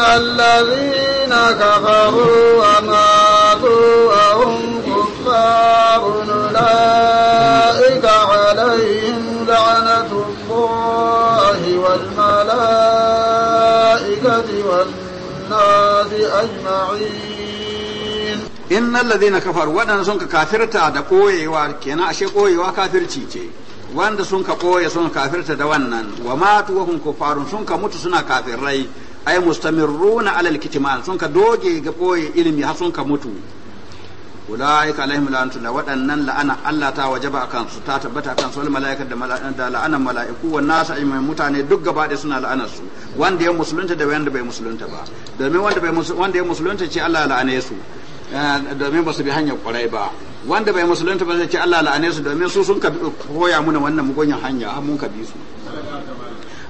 إن الذين كفروا وماتوا وهم كفار أولئك عليهم لعنة الله والملائكة والناس أجمعين إن الذين كفروا وأنا سنك كافرتا دا قوي كنا أشي قوي وكافرتي wanda sun ka ɓoye sun kafirta da wannan wa matu wa hum kufarun sun ka mutu suna kafirai ay mustamirruna alal kitman sun ka doge ga boye ilimi har sun ka mutu ulaika alaihim la waɗannan la'ana Allah ta wajaba akan su ta tabbata kan su mala'ika da da la'anan mala'iku wa nasu mai mutane duk gaba da suna la'anar su wanda ya musulunta da wanda bai musulunta ba domin wanda bai wanda ya musulunta ce Allah la'ane su eh, domin ba su bi hanyar kwarai ba wanda bai musulunta ba zai ce Allah la'ane su domin su sun ka koya muna wannan mugunyan hanya har mun ka bi su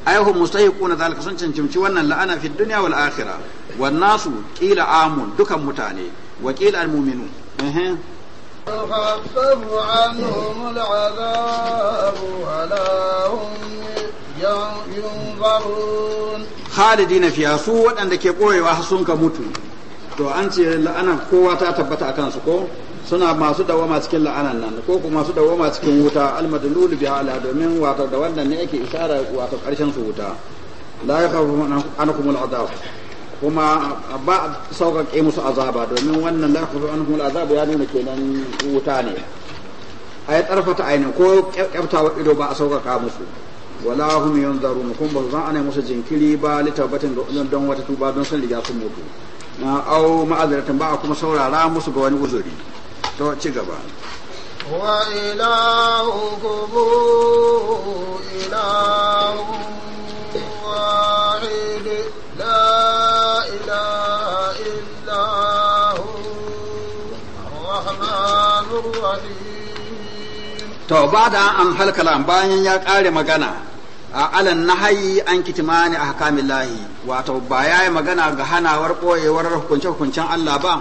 ayahu mustahiquna zalika sun cancimci wannan la'ana fi dunya wal akhirah wan nasu qila amun dukan mutane wa qila al mu'minu Khalidina fiya su waɗanda ke ɓoyewa sun ka mutu, to an ce la'ana kowa ta tabbata a kansu ko? suna masu dawama cikin la'anan nan ko kuma masu dawama cikin wuta almadlulu biha ala domin wato da wannan ne yake isara wato karshen su wuta la yakhafu anakum al'adab kuma ba ke musu azaba domin wannan la yakhafu anakum al'adab ya nuna kenan wuta ne ay tarfata aini ko kyaftawa ido ba a sauƙaƙa musu wala hum yanzarun kum ba zan ana musu jinkiri ba litabatin don wata tuba don san riga sun mutu na au ma'azaratan ba kuma saurara musu ga wani uzuri to ci gaba wa ilahukum ilahun wahid la ilaha illa hu rahim to an halkala bayan ya kare magana a alan nahayi an kitimani a hakamin lahi wato ba ya yi magana ga hanawar ɓoyewar hukunce-hukuncen Allah ba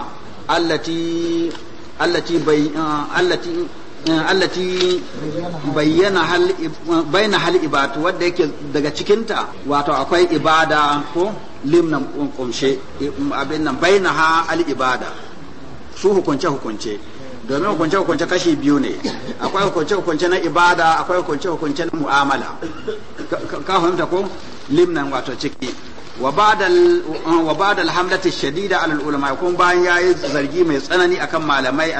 allati allati bai eh, allati eh, allati bayyana hal bayna hal ibad wanda yake daga cikinta wato akwai ibada ko limnan kumshe abin nan bayna ha al ibada su hukunce hukunce domin hukunce hukunce kashi biyu ne akwai hukunce hukunce na ibada akwai hukunce hukunce na mu'amala ka fahimta ko limnan wato ciki wa ba da hamlati shadida ala ulama kuma bayan yi zargi mai tsanani akan malamai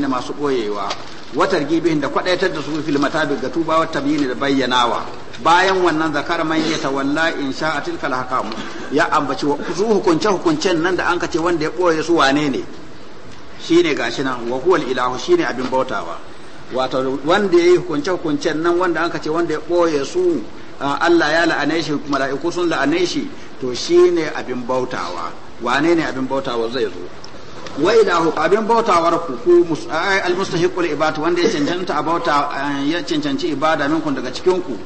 na masu koyewa watar gibin da kwadaitar da su fil matabi ga tuba wa tabyin da bayyanawa bayan wannan zakar man ya tawalla in a tilkal hakam ya ambaci su hukunce hukuncen nan da an kace wanda ya ɓoye su wane ne shine gashi nan wa huwal ilahu shine abin bautawa wato wanda ya yi hukunce hukuncen nan wanda an kace wanda ya ɓoye su Allah ya la'ane shi mala'iku sun la'ane shi to shi ne abin bautawa wane ne abin bautawa zai zo da hu abin bautawar ku ku almustahiqul ibada wanda ya cancanta a bauta eh, ya cancanci ibada minku daga cikin ku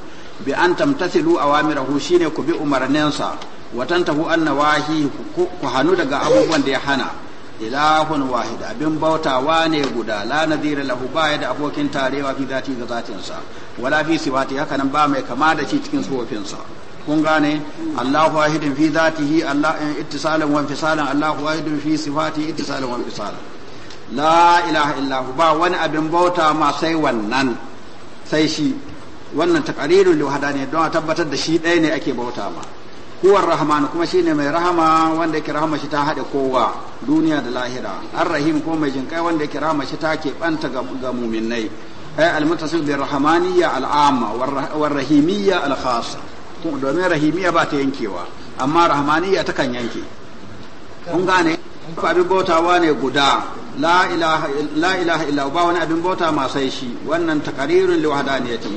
bi an tamtathilu awamirahu shine ku bi umarninsa watantahu tantahu ku hanu daga abubuwan da ya hana ilahun wahid abin bautawa ne guda la nadira lahu baya da abokin tarewa fi zati ga zatinsa wala fi sifati haka nan ba mai kama da shi cikin sa kun gane Allahu wahidun fi zatihi Allah eh, ittisalan wa infisalan Allahu wahidun fi sifatihi ittisalan wa infisalan la ilaha illa ba wani abin bauta ma sai wannan sai shi wannan taqrirul ne don a tabbatar da shi ɗaya ne ake bauta ma huwar rahman kuma shine mai rahama wanda yake rahama shi ta haɗe kowa duniya da lahira ar rahim ko mai jinkai wanda yake rahama shi ta ke banta ga muminai ai al muttasil bi rahmaniyya al amma war rahimiyya al khassa domin rahimiyya ba ta yankewa amma rahmaniya ta kan yanke kun gane abin bautawa ne guda la ilaha illa ba wani abin bauta masai shi wannan takaririn liwahdaniyati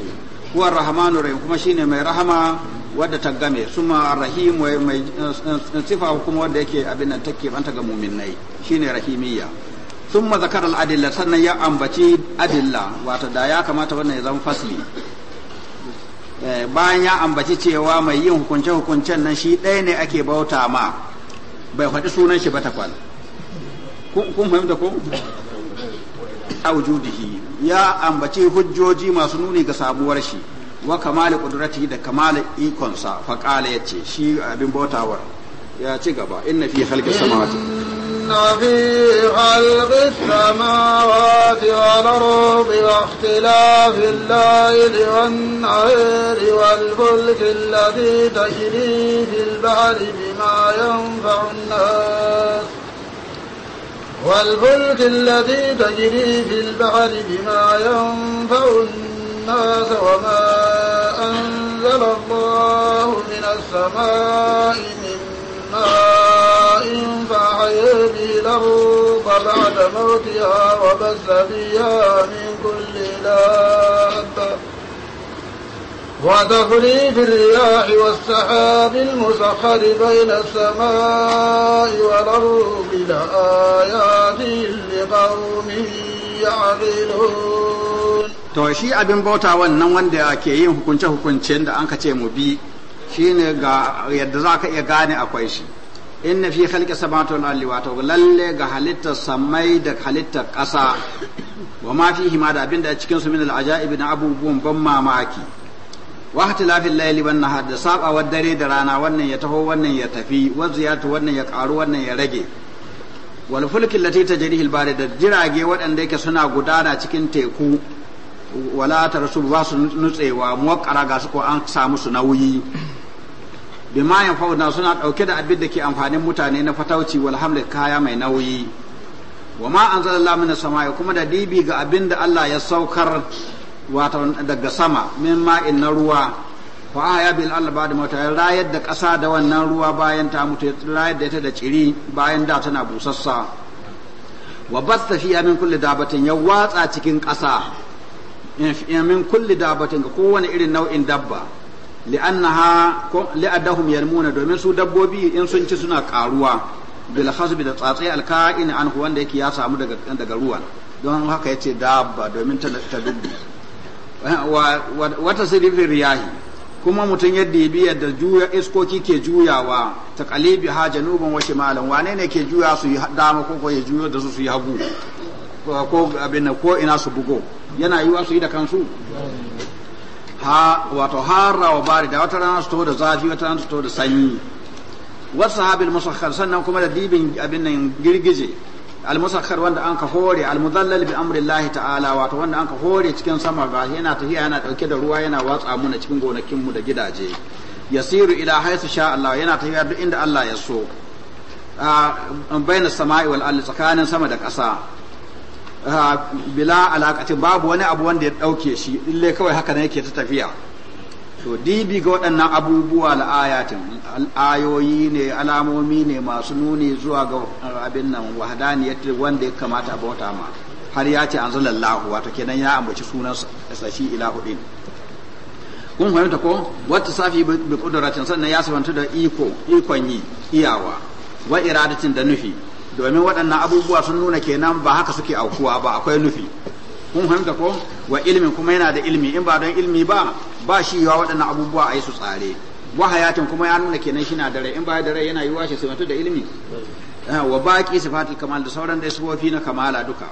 huwa rahmanu rahim kuma shine mai rahama wadda ta game suma rahimu mai eh, eh, sifa kuma wadda yake abin nan take banta ga mu'minnai shine rahimiyya summa zakara al-adilla sannan ya ambaci adilla wato da ya kamata wannan ya zama fasli Eh, bayan ya ambaci cewa mai yin hukunce-hukuncen nan shi ɗaya ne ake bauta ma bai faɗi sunan shi ba ta kwal kun fahimta ko a wujudihi ya ambaci hujjoji masu nuni ga sabuwar shi wa kamali kudurati da kamali ikonsa faƙala ya ce shi abin bautawar ya ci gaba inna fi halƙin samawati إن في خلق السماوات والأرض واختلاف الليل والنهار والفلك الذي تجري في البحر بما ينفع الناس والفلك الذي تجري في البحر بما ينفع الناس وما أنزل الله من السماء ماء فحيا به الأرض بعد موتها وبث فيها من كل دابة وتخريف الرياح والسحاب المسخر بين السماء والأرض لآيات لقوم يعقلون to shi abin bauta wannan wanda ke yin hukunce-hukuncen da an ka ce mu bi shine ga yadda za ka iya gane akwai shi inna fi khalqi samawati wal ardi wato lalle ga halittar samai da halittar ƙasa wa ma fihi ma da abinda a cikin su min al ajaib na abubuwan ban mamaki wa ihtilafil layli wan nahar da sabawar dare da rana wannan ya taho wannan ya tafi wa ziyatu wannan ya karu wannan ya rage wal fulki lati tajrihi al bari da jirage waɗanda yake suna gudana cikin teku wala tarsu ba su nutsewa muwakkara ga su ko an samu su nauyi bima yanfa'una suna dauke da abin da ke amfanin mutane na fatauci wal haml kaya mai nauyi wa ma an anzalallahu minas samai kuma da dibi ga abin da Allah ya saukar wato daga sama min ma'in na ruwa fa ya bil Allah ba'da mauta ya rayar da ƙasa da wannan ruwa bayan ta mutu rayar da ita da ciri bayan da tana busassa wa basta fiya min kulli dabatin ya watsa cikin ƙasa in min kulli dabatin ga kowane irin nau'in dabba li'annaha li'adahum yalmuna domin su dabbobi in sun ci suna karuwa bil hasbi da tsatsi alka'in an wanda yake ya samu daga daga ruwa don haka yace dabba domin ta ta dubbi wata sirrin riyahi kuma mutum yadda ya biya da juya iskoki ke juyawa ta kalibi ha janubun wa shimalan wane ne ke juya su yi dama ko ko ya juyo da su su yi hagu ko abin ko ina su bugo yana yiwa su yi da kansu wato harra wa bari da wata rana su to da zafi wata rana su to da sanyi wasu sahabin musakhar sannan kuma da dibin abin nan girgije al wanda an ka hore al bi amrillahi ta'ala wato wanda an ka hore cikin sama ga yana tafiya yana dauke da ruwa yana watsa muna cikin gonakin mu da gidaje yasiru ila haythu sha Allah yana tafiya duk inda Allah ya so a ah, baina sama'i wal ardi tsakanin sama da ƙasa bila alaƙacin babu wani abu wanda ya ɗauke shi ille kawai haka na yake ta tafiya to dibi ga waɗannan abubuwa al'ayatin ayoyi ne alamomi ne masu nuni zuwa ga uh, abin nan yadda wanda ya kamata a bauta ma har ya ce lallahu wato kenan ya ambaci sunan sashi ila din kun fahimta ko wata safi bi kudratin sannan ya sabanta da iko ikon yi iyawa wa iradatin da nufi domin waɗannan abubuwa sun nuna kenan ba haka suke aukuwa ba akwai nufi kun fahimta ko wa ilmin kuma yana da ilmi in ba don ilmi ba ba shi yawa waɗannan abubuwa a yi su tsare wa hayatin kuma ya nuna kenan shi na da rai in ba da rai yana yiwa shi sumatu da ilmi eh, wa baki sifatul kamal da sauran da sifofi na kamala duka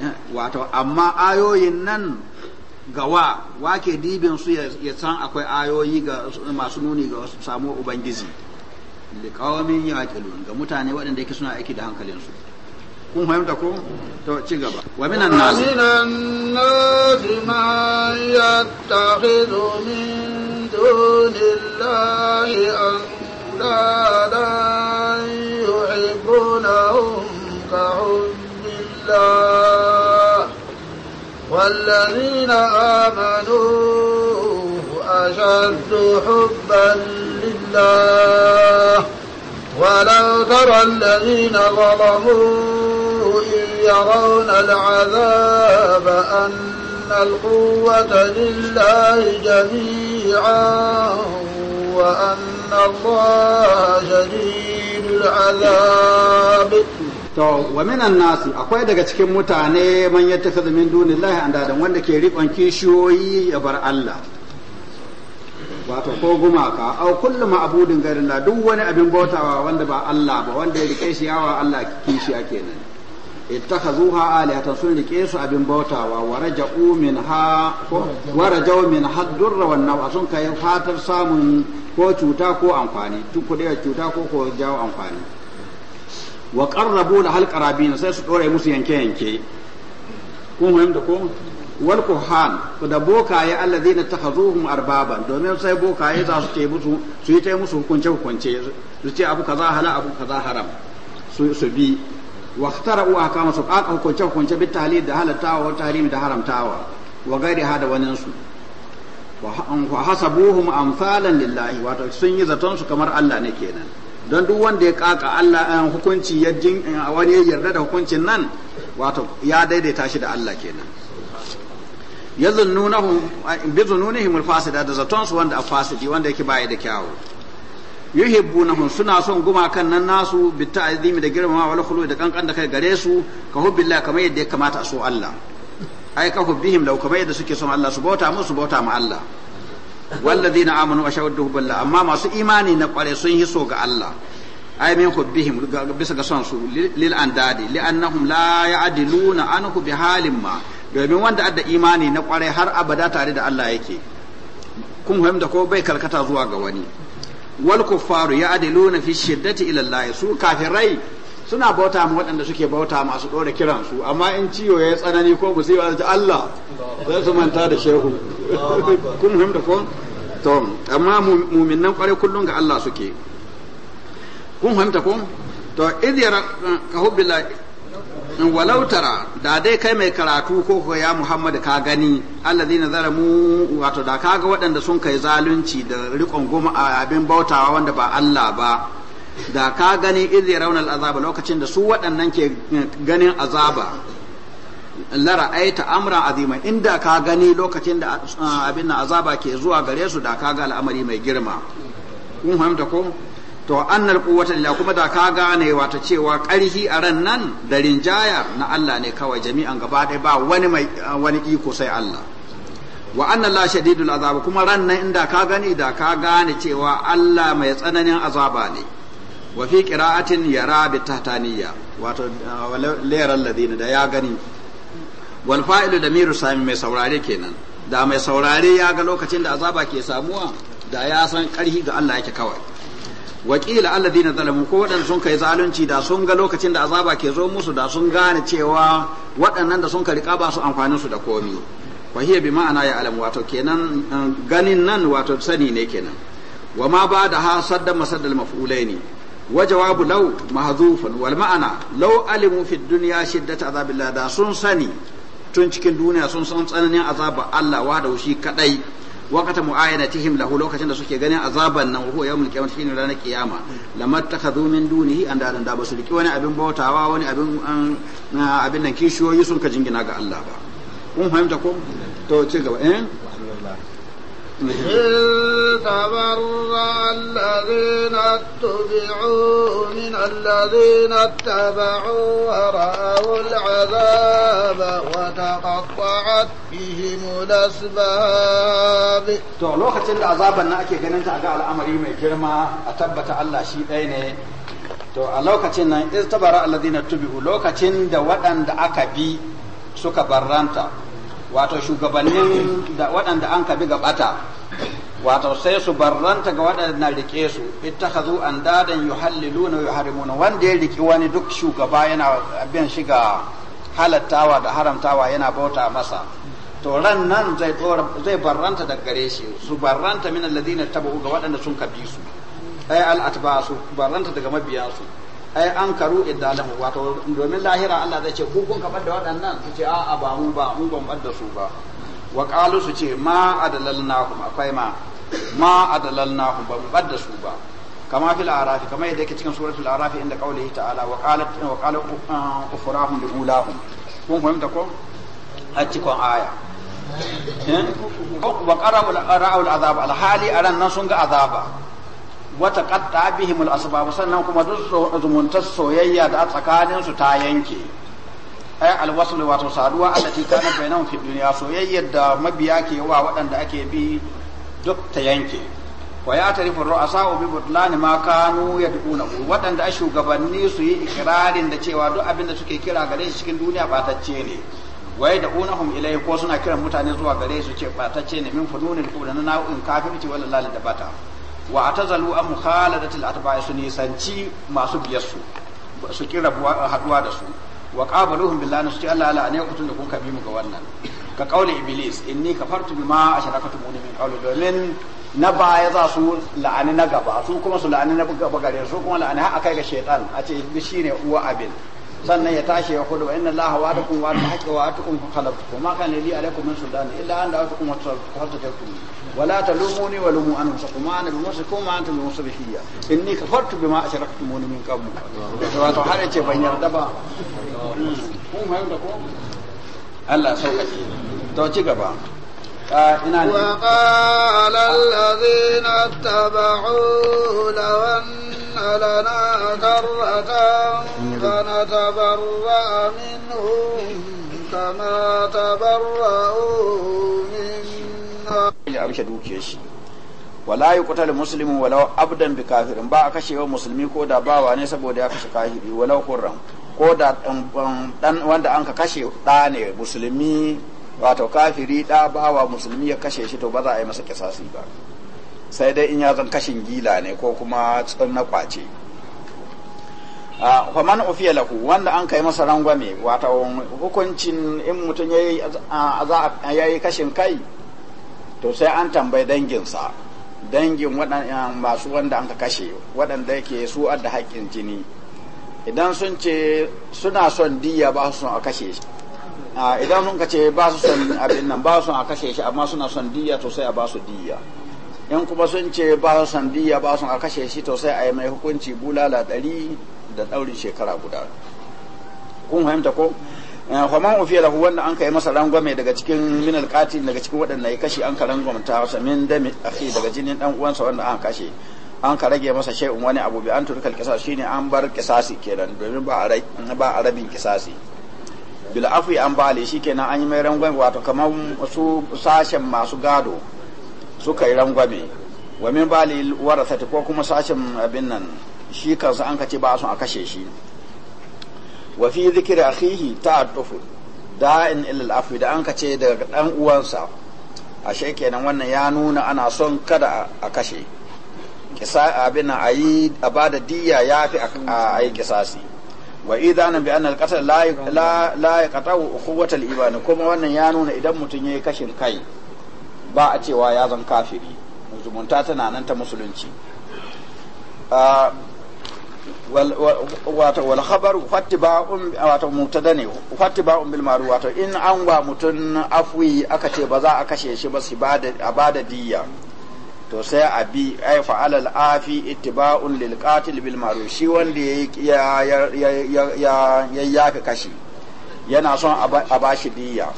eh, wato amma ayoyin nan gawa wake dibin su ya san akwai ayoyi ga masu nuni ga samu ubangiji ya yaqilun ga mutane waɗanda yake suna aiki da hankalinsu kun fahimta ko to ci gaba wa minan nas minan nas ma yattakhidhu min dunillahi andadan yuhibbunahum ka hubbillah والذين آمنوا أشد حبا لله ولو ترى الذين ظلموا إن يرون العذاب أن القوة لله جميعا وأن الله شديد العذاب To, wa minan nasu akwai daga cikin mutane manyan yadda min an andadan wanda ke riƙon kishiyoyi ya bar Allah. wato ko gumaka au kullu ma'budin ghairilla duk wani abin bautawa wanda ba Allah ba wanda ya rike shi yawa Allah kishi ake nan ittakhazuha alihatan sun rike su abin bautawa wa raja'u minha wa raja'u min haddur wa nawa sun kai fatar samun ko cuta ko amfani tukkude cuta ko ko jawo amfani wa qarrabu lahal qarabina sai su dore musu yanke yanke kun da ko wal kuhan da bokaye na allazina takhazuhum arbaban domin sai bokaye za su ce musu su yi ta su hukunce hukunce su ce abu kaza hala abu kaza haram su su bi wa uwa kama su aka hukunce hukunce bi tahlil da halatawa wa tahrim da haramtawa wa gairi da wani su wa hasabuhum amsalan lillahi wato sun yi zaton su kamar Allah ne kenan don duk wanda ya kaka Allah an eh, hukunci ya eh, wani ya yarda da hukuncin nan wato ya daidaita shi da Allah kenan yazunnunahu bi zununihim da zaton su wanda afasidi wanda yake bai da kyawu yuhibbunahum suna son gumakan nan nasu bi ta'zimi da girma wal khulu da kankan da kai gare su ka hubbillah kamar yadda ya kamata a so Allah ai ka hubbihim law kamar yadda suke son Allah su bauta musu bauta ma Allah walladhina amanu wa shawadu billah amma masu imani na kware sun yi so ga Allah ai min hubbihim bisa ga son su lil andadi li'annahum la ya'diluna anhu bi halin ma domin wanda adda imani na kwarai har abada tare da Allah yake kun da ko bai kalkata zuwa ga wani wal kuffaru ya'diluna fi shiddati ila Allah su kafirai suna bauta mu waɗanda suke bauta masu ɗora kiran su amma in ciwo ya tsanani ko musiba ta Allah zai su manta da shehu kun da ko to amma mu'minan kwarai kullun ga Allah suke kun fahimta ko to ka hubbilla in tara da dai kai mai karatu ko ko ya Muhammadu ka gani zara mu wato da ga waɗanda sun kai zalunci da rikon goma a abin bautawa wanda ba Allah ba da ka gani izi raunar azaba lokacin da su waɗannan ke eh, ganin azaba lara aita amra azima inda ka gani lokacin da eh, abin azaba ke zuwa gare su da ka ga al'amari mai girma kun fahimta ko to annal quwwata lillah kuma da ka gane wato cewa ƙarhi a ran nan da rinjaya na Allah ne kawai jami'an gaba ɗaya ba wani mai wani iko sai Allah wa anna la shadidul azab kuma ran nan inda ka gani da ka gane cewa Allah mai tsananin azaba ne wa fi qira'atin yara bi tahtaniya wato layar alladina da ya gani wal fa'ilu damiru sami mai saurare kenan da mai saurare ya ga lokacin da azaba ke samuwa da ya san ƙarhi ga Allah yake kawai wakila alladhina zalamu ko waɗanda sun kai zalunci da sun ga lokacin da azaba ke zo musu da sun gane cewa waɗannan da sun ka riƙa ba su amfanin su da komi wa hiya bi ma'ana ya alamu wato kenan eh, ganin nan wato sani ne kenan wa ma ba da ha sadda masaddal maf'ulaini wa jawabu law mahdhufun wal ma'ana law alimu fi dunya shiddat azabillah da sun sani tun cikin duniya sun san tsananin azaba Allah wa da kaɗai. kadai waqata mu'ayadatihim lahu lokacin da suke ganin azaban nan huwa yawmul qiyamah shine ranar kiyama lamma takhadhu min dunihi andadan da basu riki wani abin bautawa wani abin abin nan kishiyoyi sun ka jingina ga Allah ba kun fahimta ko to ci gaba تبرأ الذين اتبعوا من الذين اتبعوا ورأوا العذاب وتقطعت بهم الأسباب to lokacin da azaban nan ake ganin ta ga al'amari mai girma a tabbata Allah shi ɗaya to a lokacin nan iz tabara alladhina tubi'u lokacin da waɗanda aka bi suka barranta wato shugabannin da waɗanda an kabi gabata wato sai su barranta ga waɗanda rike su ita ittakhazu andadan yuhalliluna yuharrimuna wanda ya riki wani duk shugaba yana abin shiga halattawa da haramtawa yana bauta masa to ran nan zai zai barranta da gare shi su barranta min alladhina tabu ga waɗanda sun kabi su ay al atba su barranta daga mabiyansu ai an karu iddalahu wato domin lahira Allah zai ce ku kun kabar da waɗannan su ce a'a ba mu ba mu ban bar su ba wa qalu su ce ma adalalnahum akwai ma ma adalalnahum ba mu bar su ba kama fil araf kama yadda yake cikin suratul araf inda qaulihi ta'ala wa qalat wa qala ufrahum uh, bi ulahum kun fahimta ko a cikin aya eh? wa qara'u al azab al hali aran nan sun ga azaba wata qatta bihim al sannan kuma duk zumuntar soyayya da a tsakanin ta yanke ai alwasul wato saduwa allati kana bainahum fi duniya soyayyar da mabiya ke wa waɗanda ake bi duk ta yanke wa ya tarifu ru'asa bi butlan ma kanu yad'una waɗanda a shugabanni su yi ikirarin da cewa duk abin da suke kira gare shi cikin duniya batacce ne wai da hum ilai ko suna kiran mutane zuwa gare su ce batacce ne min fununil na nau'in kafirci wani lalata bata wa a atazalu an mukhaladatil baya su nisanci masu biyar su su kira haduwa da su wa qabaluhum billahi su ce Allah la ne kutun da kun kabi mu ga wannan ka kauli iblis inni kafartu bima asharakatu mun min qawli domin na baya za su la'ani na gaba su kuma su la'ani na gaba gare su kuma la'ani har akai ga shaytan a ce ne uwa abin sannan ya tashi ya hudu inna Allah wa lakum wa haqqi wa atukum fa khalaqtu ma kana li alaykum min sultan illa an da'atukum wa tasarraftum wa la talumuni wa lumu anfusakum ma ana bimusikum ma antum bimusbihiyya inni kafartu bima ashraktumuni min qabl wato har yace ban yarda ba hmm. kun fahimta ko Allah sauƙaƙe to ci gaba وقال الذين اتبعوه لو ان لنا كرة فنتبرأ منهم كما تبرأوا منا wala yi kutar musulmi walau abdan bi kafirin ba a kashewa musulmi ko da bawa ne saboda ya kashe kafiri walau kurran ko da dan wanda an kashe ɗa musulmi wato kafiri da bawa musulmi ya kashe shi to ba za a yi masa kisasi ba sai dai in ya zan kashin gila ne ko kuma na kwace a man ofiya lahu wanda an kai masa rangwame wato hukuncin in mutum ya yi kashin kai to sai an tambayi danginsa dangin waɗannan masu wanda an ka kashe waɗanda yake su da haƙƙin jini idan sun ce suna son diya ba su a kashe shi idan sun ka ce ba su son abin nan ba su a kashe shi amma suna son diya to sai a ba su diya in kuma sun ce ba su son diya ba su a kashe shi to sai a yi mai hukunci bulala ɗari da ɗaurin shekara guda kun fahimta ko kwaman eh, ofiya da wanda an kai masa rangwame daga cikin minal katil daga cikin waɗanda ya kashe an ka rangwamta wasa min dami akhi daga jinin dan uwansa wanda an kashe an ka rage masa shay'un wani abu bi an turkal kisasi shine an bar kisasi kenan domin ba a rabin kisasi bil afwi an bali shikenan an yi mai rangwame wato kamar su sashen masu gado suka yi rangwame wa min bali warasati ko kuma sashen abin nan shi kansu an kace ba a a kashe shi wa fi zikri akhihi ta'attufu da'in ila al-afwi da an kace daga dan uwansa a ashe kenan wannan ya nuna ana son kada a kashe kisa abin a yi a da diya fi a yi kisasi wa idanan bi anna al-qatl la la yaqta'u quwwatal iman kuma wannan ya nuna idan mutum yayi kashin kai ba a cewa ya zan kafiri zumunta tana nan ta musulunci ah, wato wal khabar fattiba'un wato mutada ne fattiba'un bil maru wato in an wa mutun afwi aka ce ba za a kashe shi ba su ba da diyya to sai a bi ai fa'alal afi ittiba'un lil qatil bil ma'ruf shi wanda ya ya ya kashi yana son a bashi diya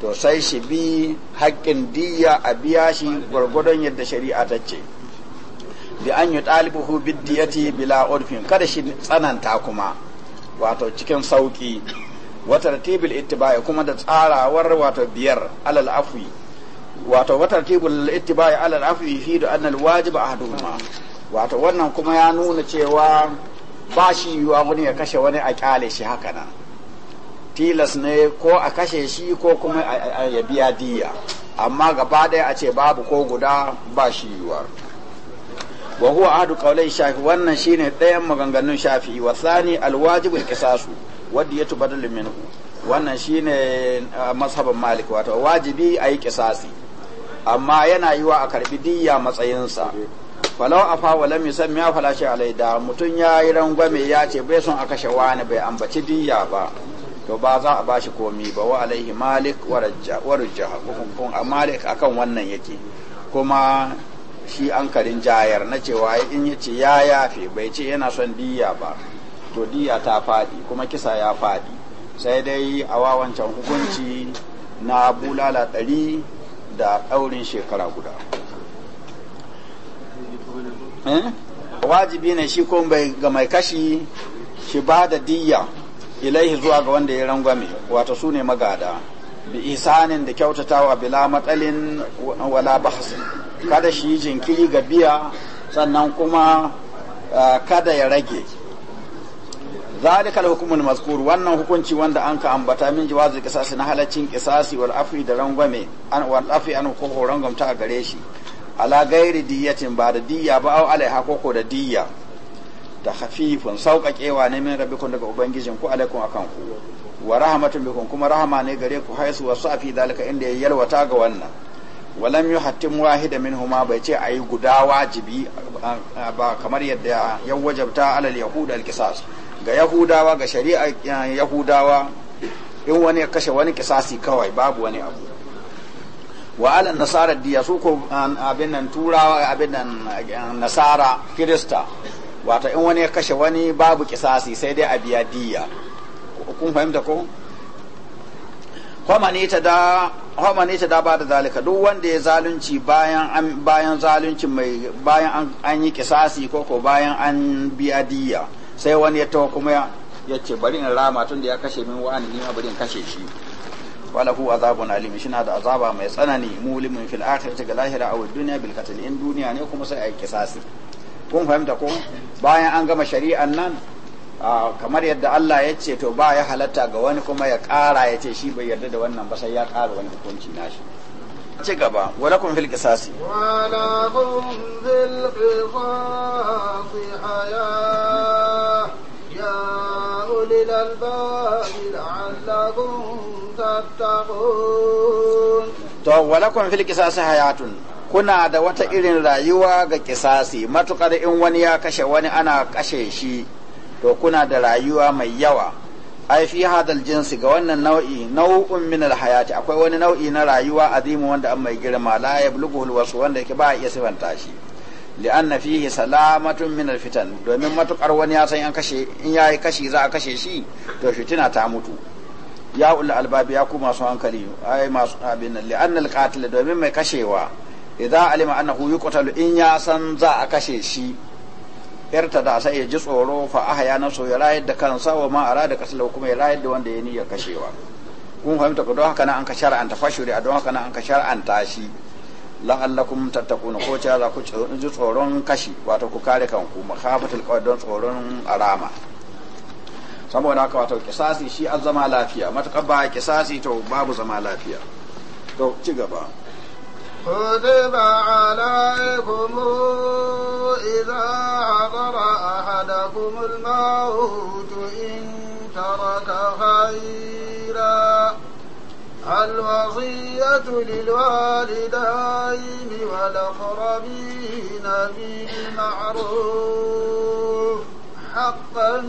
to sai shi bi haƙƙin diya a biya shi gwargwadon yadda shari'a ta ce bi an yi ɗalibuhu biddiyati bila urfin kada shi tsananta kuma wato cikin sauƙi wata tibil ittiba'i kuma da tsarawar wato biyar alal afwi wato wa ittiba'i ala al-afwi fi da annal wajib ahaduhuma wato wannan kuma ya nuna cewa ba shi yiwa wani ya kashe wani a kyale shi haka nan tilas ne ko a kashe shi ko kuma ya biya diya amma gaba ɗaya a ce babu ko guda ba shi yiwa wa huwa ahadu qawlai shafi wannan shine ɗayan maganganun shafi wa thani al-wajibu al-qisasu wadda yatu badal minhu wannan shine uh, mazhaban malik wato wajibi ayi qisasi amma yana yi wa a karbi diyya matsayinsa falau a wa lam yusammiya fala shay alai da ya yi rangwame ya ce bai son a kashe wani bai ambaci diyya ba to ba za a bashi komi ba wa alaihi malik wa hukunkun a malik akan wannan yake kuma shi an karin jayar na cewa in ya ce ya yafe bai ce yana son diyya ba to diyya ta faɗi kuma kisa ya faɗi sai dai a wawancan hukunci na bulala ɗari da ɗaurin shekara guda eh? wajibi ne shi ko ga mai kashi shi ba da diyya ilaihi zuwa ga wanda ya rangwame wata su ne magada bi isanin da kyautatawa bila matsalin wala bahsin kada shi jinkiri ga biya sannan kuma ah, kada ya rage zalika al-hukmul mazkur wannan hukunci wanda an ka ambata min jawazi kisasi na halaccin kisasi wal afi da rangwame an wal afi an ko rangwamta a gare shi ala gairi diyatin ba da diyya ba au alaiha ko ko da diyya ta khafifun sauƙaƙewa ne min rabbikum daga ubangijin ku alaikum akan ku wa rahmatun bikum kuma rahama ne gare ku haisu wasu afi dalika inda ya yalwata ga wannan walam yuhattim wahida minhuma bai ce ayi guda wajibi ba kamar yadda ya wajabta alal yahud al ga yahudawa ga shari'a yahudawa in wani ya kashe wani kisasi kawai babu wani abu wa ala nasara diya su ko abin nan turawa abin nan nasara kirista wato in wani ya kashe wani babu kisasi sai dai a biya diya kun fahimta ko ne ta da ba da zalika duk wanda ya zalunci bayan bayan zalunci mai bayan an yi kisasi ko ko bayan an biya diya sai wani ya taho kuma ya ce bari in rama tun da ya kashe min wa'ani ni ma bari in kashe shi Wala hu azabun alim shi na da azaba mai tsanani mulimin fil akhirati ga lahira aw dunya bil qatl in duniya ne kuma sai ai kisasi kun fahimta ko bayan an gama shari'an nan kamar yadda Allah ya ce to ba ya halatta ga wani kuma ya kara ya ce shi bai yarda da wannan ba sai ya kara wani hukunci nashi ci gaba wala kun fil haya ya ulil albab la'allakum tattaqun to wala kun fil qisasi hayatun kuna da wata irin rayuwa ga kisasi matukar in wani ya kashe wani ana kashe shi to kuna da rayuwa mai yawa ai fi hadal jinsi ga wannan nau'i nau'un min hayati akwai wani nau'i na rayuwa azimu wanda an mai girma la yablughu alwasu wanda yake ba iya sifanta shi li'anna fihi salamatun min alfitan domin matukar wani ya san an kashe in yayi kashi za a kashe shi to fitina ta mutu ya ul albabi ya ku masu hankali ai masu abin li'anna alqatil domin mai kashewa idza alima annahu yuqtalu in ya san za a kashe shi irta da sai ya ji tsoro fa ya nafsu ya rayar da kansa wa ma da kasala kuma ya rayar da wanda ya niyyar kashewa kun fahimta ko don haka nan an ka shar'anta fashuri a don haka nan an ka shar'anta shi la'allakum tattaquna ko ta za ku ji tsoron kashi wato ku kare kanku makhafatul qawl don tsoron arama saboda haka wato kisasi shi an zama lafiya matakan ba kisasi to babu zama lafiya to ci gaba كتب عليكم إذا حضر أحدكم الموت إن ترك خيرا الوصية للوالدين والأقربين بالمعروف حقا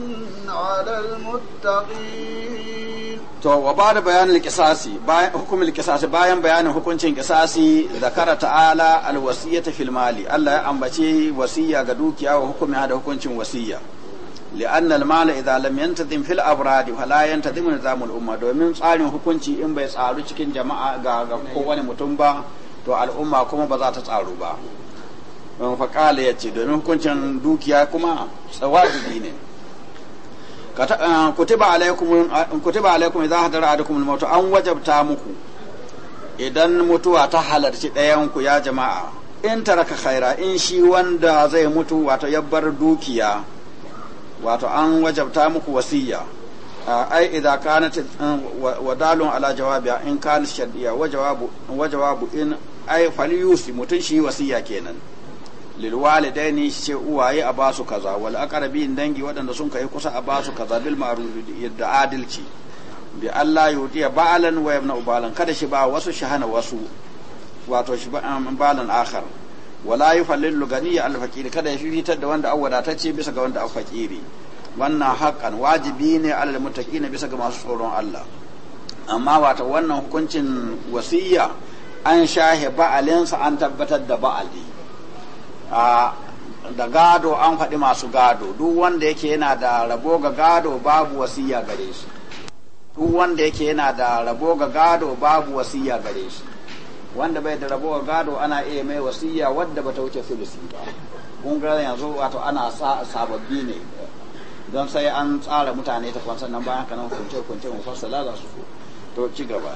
على المتقين to wa ba bayanin kisasi bayan hukumin kisasi bayan bayanin hukuncin kisasi zakara ta'ala alwasiya ta mali Allah ya ambaci wasiya ga dukiya wa hukumi da hukuncin wasiya li'an al-mal idza lam yantazim fil abrad fa la yantazim umma domin tsarin hukunci in bai tsaru cikin jama'a ga kowane mutum ba to al'umma kuma ba za ta tsaru ba faƙala ya ce domin hukuncin dukiya kuma tsawajibi ne ah, kutiba alaikum ah, idan hadara adukum mutu an wajabta muku idan mutuwa ta halarci ɗayanku ya jama'a in taraka khaira in shi wanda zai mutu wato yabbar dukiya wato an wajabta muku wasiya ah, ai idza kanat wadalun ala jawabiya in kanat shaddiya wajawabu wajawabu in ai yusi mutun shi wasiya kenan Lilwale dai lilwalidaini ce uwaye a ba su kaza wal aqrabin dangi waɗanda sun kai kusa a ba su kaza bil ma'ruf yadda adalci bi Allah yudiya ba'alan wa yabna ubalan kada shi ba wasu shahana wasu wato shi balan um, akhar wala yufallil lugani al faqir kada ya fitar da wanda awwadatacce bisa ga wanda afaqiri wannan haqqan wajibi ne alal muttaqina bisa ga masu tsoron Allah amma wato wannan hukuncin wasiya an shahe ba'alinsa an tabbatar da ba'ali da gado an faɗi masu gado duk wanda yake yana da rabo ga gado babu wasiya gare shi duk wanda yake yana da rabo ga gado babu wasiya gare shi wanda bai da rabo ga gado ana iya mai wasiya wadda bata wuce sulusi ba kun yanzu wato ana sababbi ne don sai an tsara mutane ta kwansan nan bayan kanan kunce kunce mu fassala za su to ci gaba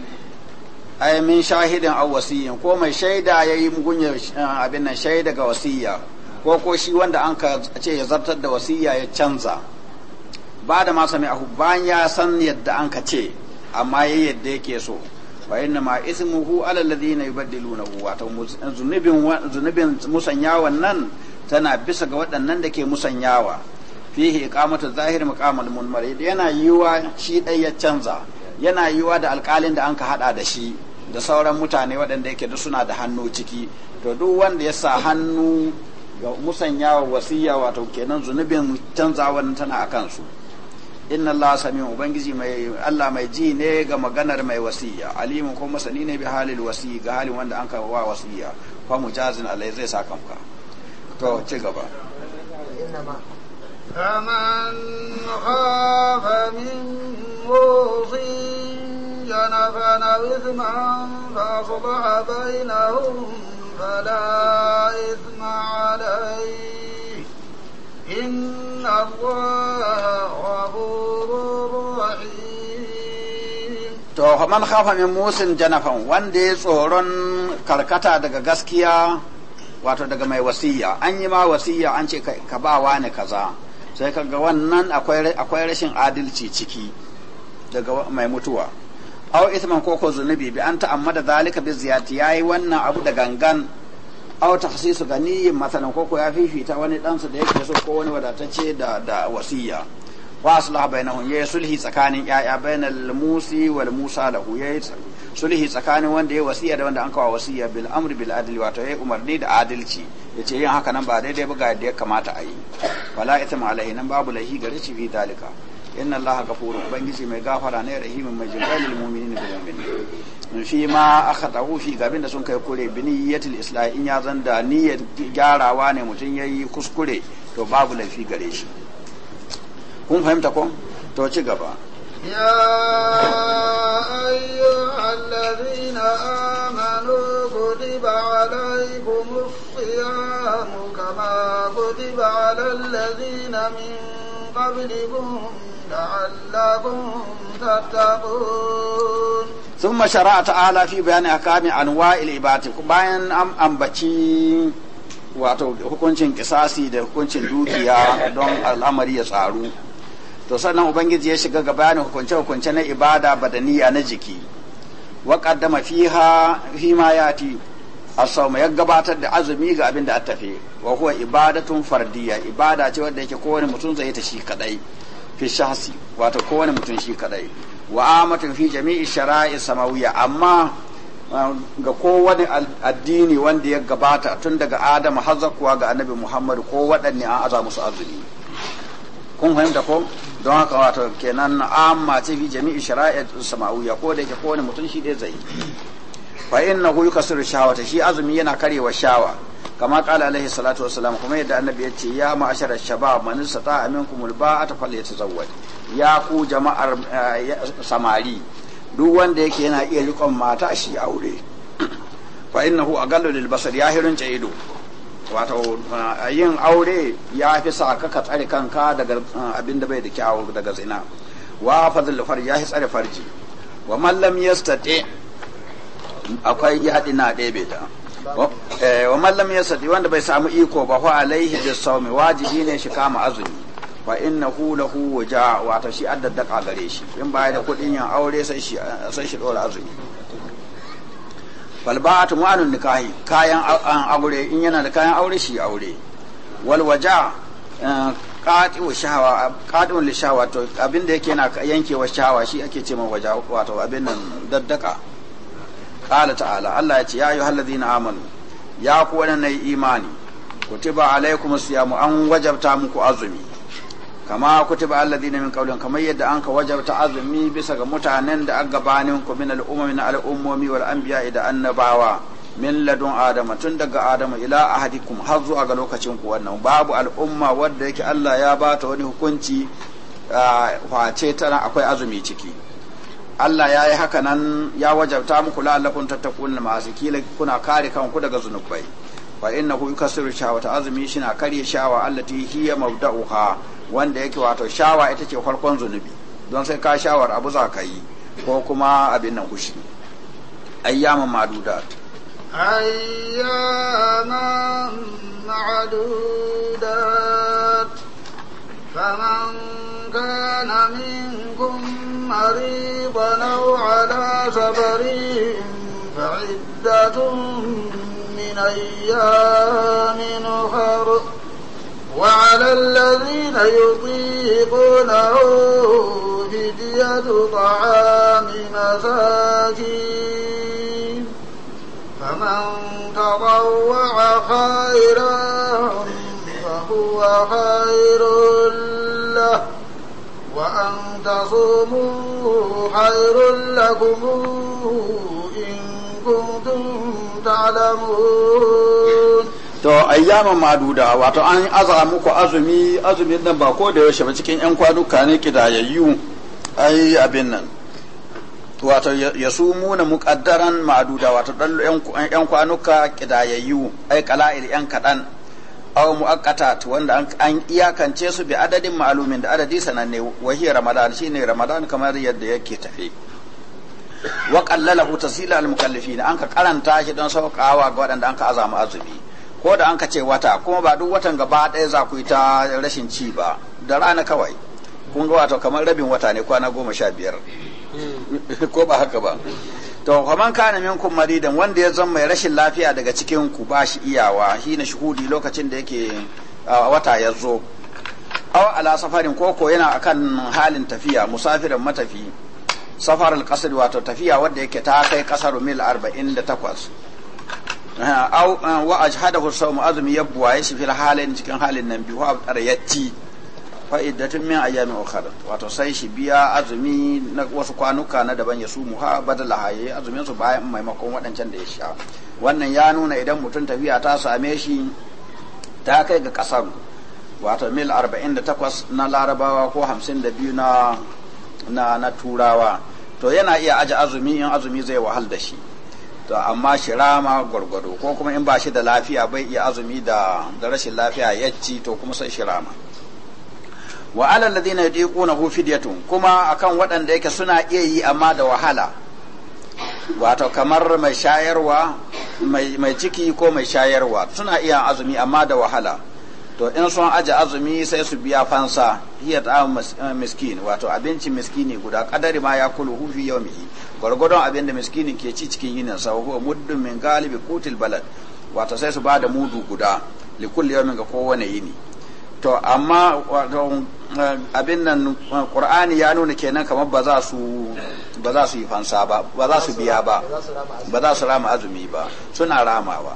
ai min shahidin aw wasiyin ko mai shaida yayi mugunya eh, abin nan shaida ga wasiya ko ko shi wanda an ka ce ya zartar da wasiyya ya canza ba da ma sami ahu bayan ya san yadda an ka ce amma ya yadda yake so wa inna ma ismuhu ala alladhina yubaddilunahu wato zunubin zunubin musanya nan tana bisa ga waɗannan da ke musanyawa fihi iqamatu zahir maqamul munmar yana yiwa shi dai ya canza yana yiwa da alƙalin da an ka hada da shi da sauran mutane waɗanda yake da suna da hannu ciki to duk wanda ya sa hannu ga musanya wa wasiya wato kenan zunubin canzawan tana a kansu inna Allah sami ubangiji mai Allah mai ji ne ga maganar mai wasiya alimin kuma masani ne bi halil wasi ga halin wanda an kawo wa wasiya fa mujazin alai zai saka maka to ci gaba فمن خاف من جنفا أو إثما فأصلح بينهم فلا إثم عليه إن الله غفور رحيم to man khafa min musin janafan wanda ya tsoron karkata daga gaskiya wato daga mai wasiya an yi ma wasiya an ce ka ba wani kaza sai kaga wannan akwai rashin adalci ciki daga mai mutuwa aw isma ko ko zunubi bi an ta'ammada zalika bi ziyati yayi wannan abu da gangan aw tahsisu ganiyyin masana ko ko ya fifita wani dan da yake so ko wani wadatacce da da wasiya wa aslaha bainahum yayi sulhi tsakanin yaya bainal musi wal musa lahu yayi sulhi tsakanin wanda ya wasiya da wanda an kawo wasiya bil amri bil adli wato yayi umarni da adalci yace yin haka nan ba daidai ba ga yadda ya kamata a yi wala ithma alaihi nan babu lahi gare shi fi dalika inna Allah gafurun ubangiji mai gafara ne rahimin mai jinkai lil ne da mu'min fi ma akhatahu fi gabin da sun kai kure bi niyyatil in ya zan da niyyar gyarawa ne mutum yayi kuskure to babu laifi gare shi kun fahimta ko to ci gaba يا أيها الذين آمنوا كتب عليكم الصيام كما كتب على الذين من قبلكم لعلكم تتقون ثم شرع تعالى في بيان أحكام أنواع العبادة bayan an ambaci wato hukuncin kisasi da hukuncin dukiya don al'amari ya tsaru to sannan ubangiji ya shiga ga bayanin hukunce hukunce na ibada badaniya na jiki wa qaddama fiha fima yati as ya gabatar da azumi ga abin da tafi wa huwa ibadatun fardiya, ibada ce wanda yake kowane mutum zai ta shi kadai fi shahsi wato kowane mutum shi kadai wa amatin fi jami'i shara'i samawiya amma uh, ga kowane addini wanda ya gabata tun daga adam har zakuwa ga annabi muhammad ko waɗanne an aza musu azumi kun fahimta ko don haka wato kenan amma ce fi jami'i shara'i samawiya ko da yake kowane mutum shi dai zai fa innahu yukasiru shahawata shi azumi yana karewa shawa kama kala alaihi salatu wassalam kuma yadda annabi ya ce ya ma'ashara shabab man sata aminkum alba'ata falyatazawwaj ya ku jama'ar eh, samari duk wanda yake yana iya rikon mata shi aure fa innahu aqallu lil basar ya hirin ido wato eh, yin aure ya fi sa ka tsare kanka daga eh, abin da bai da kyawu daga zina wa fadl farji ya fi tsare farji wa man lam yastati akwai haɗi na ɗebe ta eh, wa mallam ya sadi wanda bai samu iko ba fa alaihi bis saumi wajibi ne shi kama azumi fa hu lahu waja wato shi addadda gare shi in baya da kuɗin yin aure sai shi sai shi dora azumi falba'atu mu'anun nikahi kayan aure in yana da kayan aure shi aure wal waja eh, qati'u shahawa qati'un lishawa to abin da yake yana yankewa shahawa shi ake ce waja wato abin nan daddaka ta ta'ala Allah ya ce ya halazi na amanu ya ku na yi imani kutiba alaikum siyamu an wajabta muku azumi kama kutiba na min qablin kamar yadda an ka wajabta azumi bisa ga mutanen da an gabanin ku min al'ummomi na al'ummomi wal anbiya da annabawa min ladun adama tun daga adama ila ahadikum har zuwa ga lokacin ku wannan babu al'umma wadda yake Allah ya bata wani hukunci face tana akwai azumi ciki Allah ya yi haka nan ya wajabta muku la'allakun tattakun masu kila kuna kare kanku daga zunubai fa innahu yukasiru ta azumi shina karya shawa allati hiya mabda'uha wanda yake wato shawa ita ce farkon zunubi don sai ka shawar abu za ka yi ko kuma abin nan kushi ayyaman madudat ayyaman Madudat. فمن كان منكم مريضا أو على سفر فعدة من أيام أخر وعلى الذين يطيقونه فدية طعام مساكين فمن تطوع خيرا هو خير له وأن تصوموا خير لكم إن كنتم تعلمون to ayyama maduda wato an aza muku azumi azumi nan ba ko da yaushe ba cikin yan kwanuka ne kidayayyu ai abin nan wato ya sumuna muqaddaran maduda wato dan yan kwanuka kidayayyu ai qala'il yan kadan aw muaqqatat wanda an iyakance su bi adadin ma'lumin da adadi sananne wa hiya ramadan shine ramadan kamar yadda yake tafi wa qallalahu tasila al mukallifin an ka karanta shi don saukawa ga waɗanda an ka azama azumi ko da an ka ce wata kuma ba duk watan gaba ɗaya za ku yi ta rashin ci ba da rana kawai kun ga wato kamar rabin wata ne kwana goma sha biyar hmm. ko ba haka ba to kaman kana kun maridan wanda ya zama mai rashin lafiya daga cikin ku ba shi iyawa shi hina shuhudi lokacin da yake wata ya zo aw ala safarin koko yana akan halin tafiya musafirin matafi safar al-qasr wato tafiya wanda yake ta kai kasar mil 48 aw wa ajhadahu sawm azmi yabwa yashi fil halin cikin halin nan biyu wa yatti faidatun min ayyamin ukhra wato sai shi biya azumi na wasu kwanuka na daban ya sumu ha badala lahaye azumin su bayan maimakon waɗancan da ya sha wannan ya nuna idan mutum tafiya ta same shi ta kai ga kasar wato mil 48 na larabawa ko 52 na na na turawa to yana iya aji azumi in azumi zai wahal da shi to amma shi rama gwargwado ko kuma in ba shi da lafiya bai iya azumi da rashin lafiya yacci to kuma sai shi rama wa alal ladina hu fidyatun kuma akan waɗanda yake suna iya yi amma da wahala wato kamar mai shayarwa mai ciki ko mai shayarwa suna iya azumi amma da wahala to in sun aje azumi sai su biya fansa hiya ta eh, miskin wato abinci miskini guda kadari ma ya kulu hufi yaumihi gwargwadon abin da miskinin ke ci cikin yinin sa huwa muddun min galibi kutil balad wato sai su ba da mudu guda likul yaumin ga kowane yini to amma eh, abin nan eh, qur'ani ya nuna kenan kamar ba za su ba za su yi fansa ba ba za su biya ba ba za su rama azumi ba suna ramawa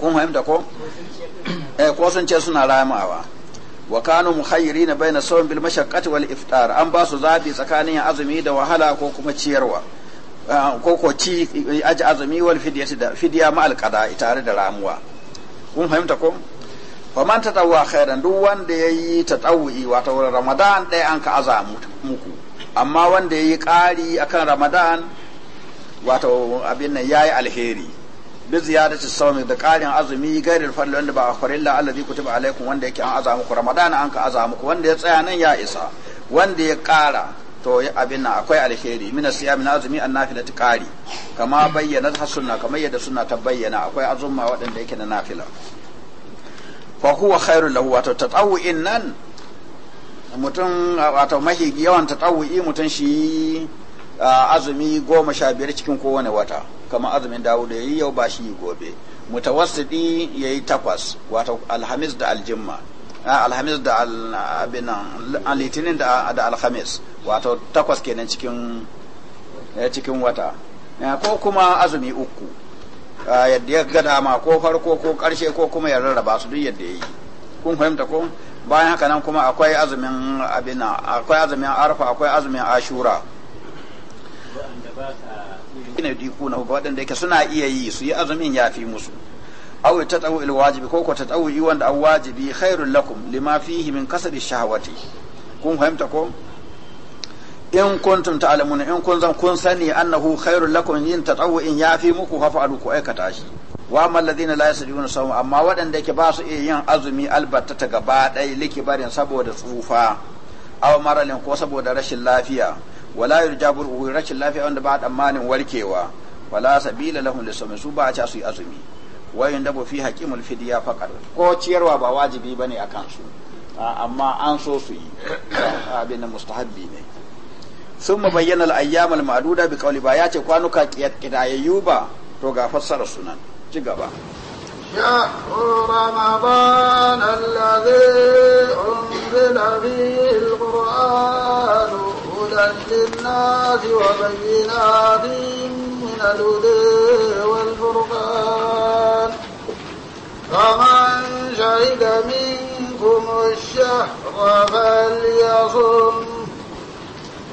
kun fahimta ko eh ko sun ce suna ramawa wa kanu mukhayyirina baina sawm bil mashaqqati wal iftar an ba su zabi tsakanin azumi da wahala ko kuma ciyarwa eh, ko ko ci aji azumi wal fidyati da fidya ma al qada'i tare da ramuwa kun fahimta ko faman ta tatawwa khairan duk wanda yayi wata wurin ramadan ɗaya an ka aza muku amma wanda yayi ƙari akan ramadan wata abin nan yayi alheri bi ziyadati sawmi da ƙarin azumi gairil fadl wanda ba farilla allazi kutiba alaikum wanda yake an aza muku ramadan an ka aza muku wanda ya tsaya nan ya isa wanda ya ƙara to abin nan akwai alheri min siyam na azumi an nafila ƙari kama bayyana sunna kamar yadda sunna ta bayyana akwai azumma waɗanda yake na nafila fa huwa khairul lahu wato tatawu'in nan mutum wato mahi yawan tatawu'i mutum shi azumi goma sha biyar cikin kowane wata kamar azumin dawuda yayi yau ba shi gobe mutawassidi yayi takwas wato alhamis da aljimma alhamis da abinan litinin da alhamis wato takwas kenan cikin eh, cikin wata ko kuma azumi uku yadda ya ga dama ko farko ko karshe ko kuma ya rarraba su duk yadda ya yi kun fahimta ko bayan haka nan kuma akwai azumin abina akwai azumin arfa akwai azumin ashura ina diku na waɗanda yake suna iya yi su yi azumin ya fi musu aw tatawu il wajibi ko ko tatawu wanda an wajibi khairul lakum lima fihi min kasbi shahwati kun fahimta ko in kuntum ta'lamuna in kun zan kun sani annahu khairul lakum yin ya yafi muku fa'alu ku aikata shi wa amma alladhina la yasjuduna sawma amma waɗanda yake ba su iya yin azumi albatta ta gaba ɗaya likibarin saboda tsufa aw maralin ko saboda rashin lafiya wala yurjabu rashin lafiya wanda ba manin warkewa wala sabila lahum lisawm su ba a su yi azumi wa bu fi haqimul fidya faqat ko ciyarwa ba wajibi bane akan su amma an so su yi abin mustahabbi ne sun ma bayyana alayyam Ma'aduda al-maduda bi kauli ba ya ce kwanuka ƙidayayyu ba to ga fassara sunan ci gaba. Ya Ramadan alladhi unzila bihi al-Qur'an hudan lin-nasi wa bayyinatin min al-huda wal-furqan فمن شهد منكم الشهر فليصمه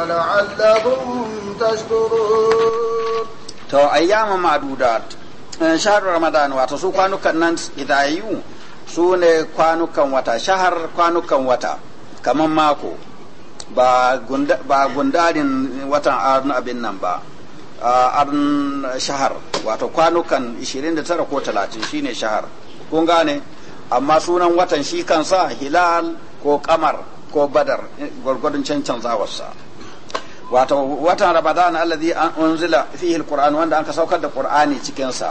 ولعلكم تشكرون to ayyama ma'dudat shahar ramadan wato su kwanukan nan idayu su ne kwanukan wata shahar kwanukan wata kamar mako ba gundarin watan arna abin nan ba arn shahar wato kwanukan 29 ko 30 shine shahar kun gane amma sunan watan shi kansa hilal ko kamar ko badar gwargwadon cancanzawarsa wato watan ramadan alladhi unzila fihi alquran wanda an ka saukar da qur'ani cikin sa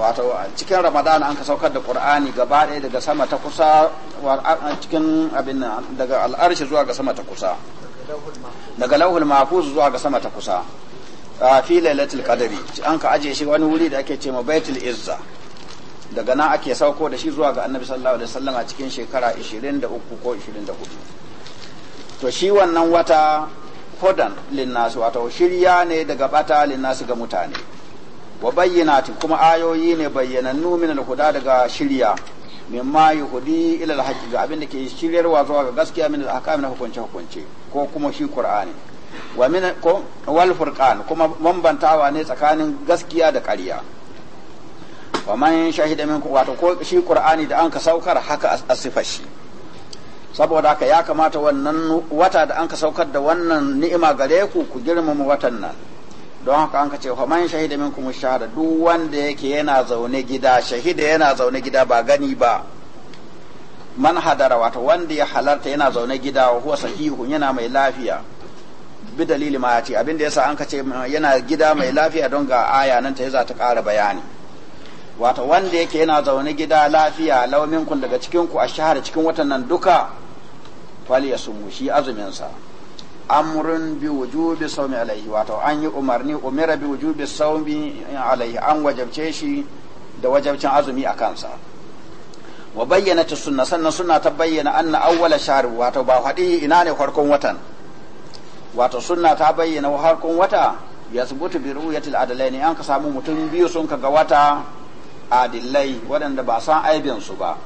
wato cikin ramadan an ka saukar da qur'ani gaba ɗaya daga sama ta kusa cikin abin daga al'arshi zuwa ga sama ta kusa daga lauhul mahfuz zuwa ga sama ta kusa fi lailatul qadri an ka aje shi wani wuri da ake cewa baitul izza daga nan ake sauko da shi zuwa ga annabi sallallahu alaihi wasallam a cikin shekara 23 ko 24 to shi wannan wata hudan linnasu wato shirya ne daga bata linnasu ga mutane wa bayyinatin kuma ayoyi ne bayyanannu min alhuda daga shirya min ma yuhudi ila alhaqi ga abin da ke shiryarwa zuwa ga gaskiya min al-ahkam na hukunce hukunce ko kuma shi qur'ani wa min ko wal furqan kuma bambantawa ne tsakanin gaskiya da ƙarya wa man shahida minkum wato ko shi qur'ani da an ka saukar haka asifashi shi saboda haka ya kamata wannan wata da an ka saukar da wannan ni'ima gare ku ku girmama watan nan don haka an ka ce fa man shahida minkum shahada duk wanda yake yana zaune gida shahida yana zaune gida ba gani ba man hadara wato wanda ya halarta yana zaune gida wa huwa sahihu yana mai lafiya bi dalili ma abinda yasa an ka ce yana gida mai lafiya don ga aya nan ta za ta ƙara bayani wato wanda yake yana zaune gida lafiya laumin kun daga cikin ku a shahar cikin watan nan duka fali ya sumu shi azumin sa amrun bi wujubi sawmi alaihi wato an yi umarni umira bi wujubi sawmi alaihi an wajabce shi da wajabcin azumi a kansa wa bayyana ta sunna sannan suna ta bayyana anna awwala shahr wato ba hadi ina ne farkon watan wato sunna ta bayyana farkon wata yasbutu bi ru'yatil adalaini an ka samu mutum biyu sun ka ga wata adillai waɗanda ba san aibin su ba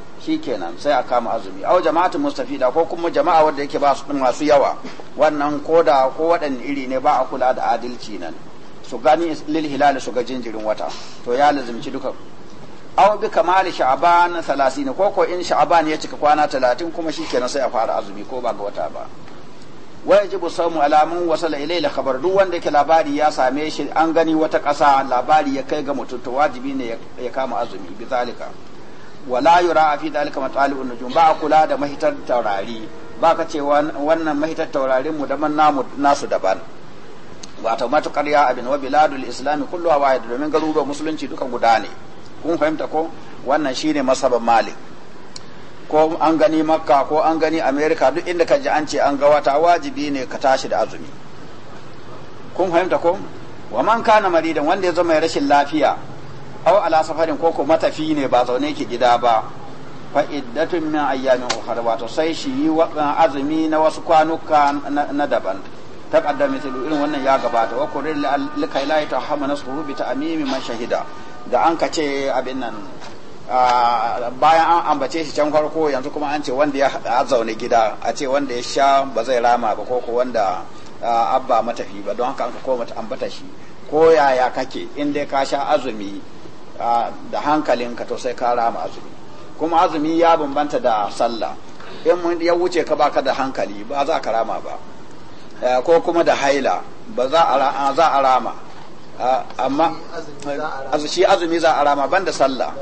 kenan sai a kama azumi au jama'atu mustafida ko kuma jama'a wanda yake ba su masu yawa wannan koda ko waɗanne iri ne ba a kula da adalci nan su gani lil hilal su ga jinjirin wata to ya lazimci duka au bi kamali sha'ban 30 ko ko in sha'ban ya cika kwana 30 kuma shi kenan sai a fara azumi ko ba ga wata ba wajibu samu alamun wasala ilai la khabar duk wanda yake labari ya same shi an gani wata kasa labari ya kai ga mutum to wajibi ne ya kama azumi bi zalika wala yura fi zalika matalibun nujum ba kula da mahitar taurari ba ka ce wannan mahitar taurarin mu man namu nasu daban wato matukar ya abin wa biladul islami kullu wa domin garuruwan musulunci duka guda ne kun fahimta ko wannan shine masaban malik ko an gani makka ko an gani Amerika duk inda ka ji an ce an ga wata wajibi ne ka tashi da azumi kun fahimta ko wa man kana maridan wanda ya zama rashin lafiya aw ala safarin ko ko matafi ne ba zaune ki gida ba fa iddatun min ayyamin ukhra wato sai shi yi azumi na wasu kwanuka na daban taqaddama mithlu irin wannan ya gabata wa quril likai ta yatahamma nasruhu bi ta'mimi man shahida da an kace abin nan bayan an ambace shi can farko yanzu kuma an ce wanda ya zaune gida a ce wanda ya sha ba zai rama ba ko wanda abba matafi ba don haka an koma ambata shi ko yaya kake in dai ka sha azumi da ka to sai ka rama azumi kuma azumi ya bambanta da sallah in ya wuce ka baka da hankali ba za ka rama ba ko kuma da haila ba za a rama amma shi azumi za a rama banda sallah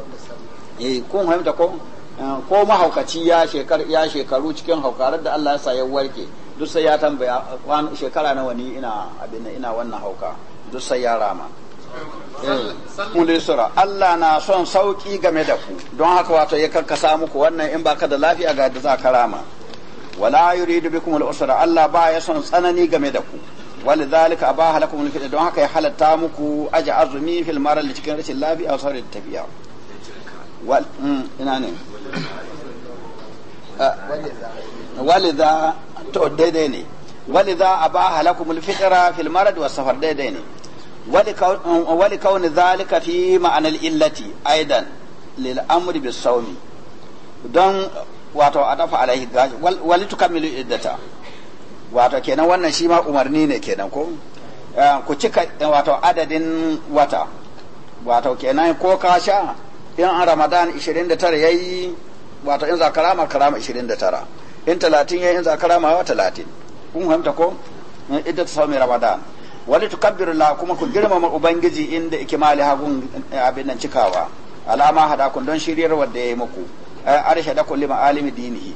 Eh, kun fahimta ko eh, ko mahaukaci ya shekaru ya shekaru cikin haukarar da Allah ya sa ya warke duk sai ya tambaya shekara nawa ni ina abin ina wannan hauka duk sai ya rama eh, sura Allah na son sauki game da ku don haka wato ya karkasa muku wannan in baka da lafiya ga da za ka rama wala yuridu bikum al-usra Allah ba ya son tsanani game da ku walidhalika abaha lakum al-fitna don haka ya halatta muku aja azumi fil maral cikin rashin lafiya da tafiya wal mm, ina ne ah, walidha to daidai ne walidha abaha lakum alfitra fil marad was safar daidai ne wali kauni mm, zalika fi ma'anar illati aidan lil amri bis sawmi don wato a dafa alaihi gaji wali tukammilu iddata wato kenan wannan shi ma umarni ne kenan ko ah, ku cika wato adadin wata wato kenan ko ka sha in an ramadan 29 ya yi wato in za karama karama 29 in 30 ya yi in za karama wa 30 kun fahimta ko idda ta sami ramadan wani tukabbiru la kuma ku girmama ubangiji inda ike mali hagun eh, abin nan cikawa alama hada kun don shiryar wadda ya yi muku eh, a da kulli ma'alimi dinihi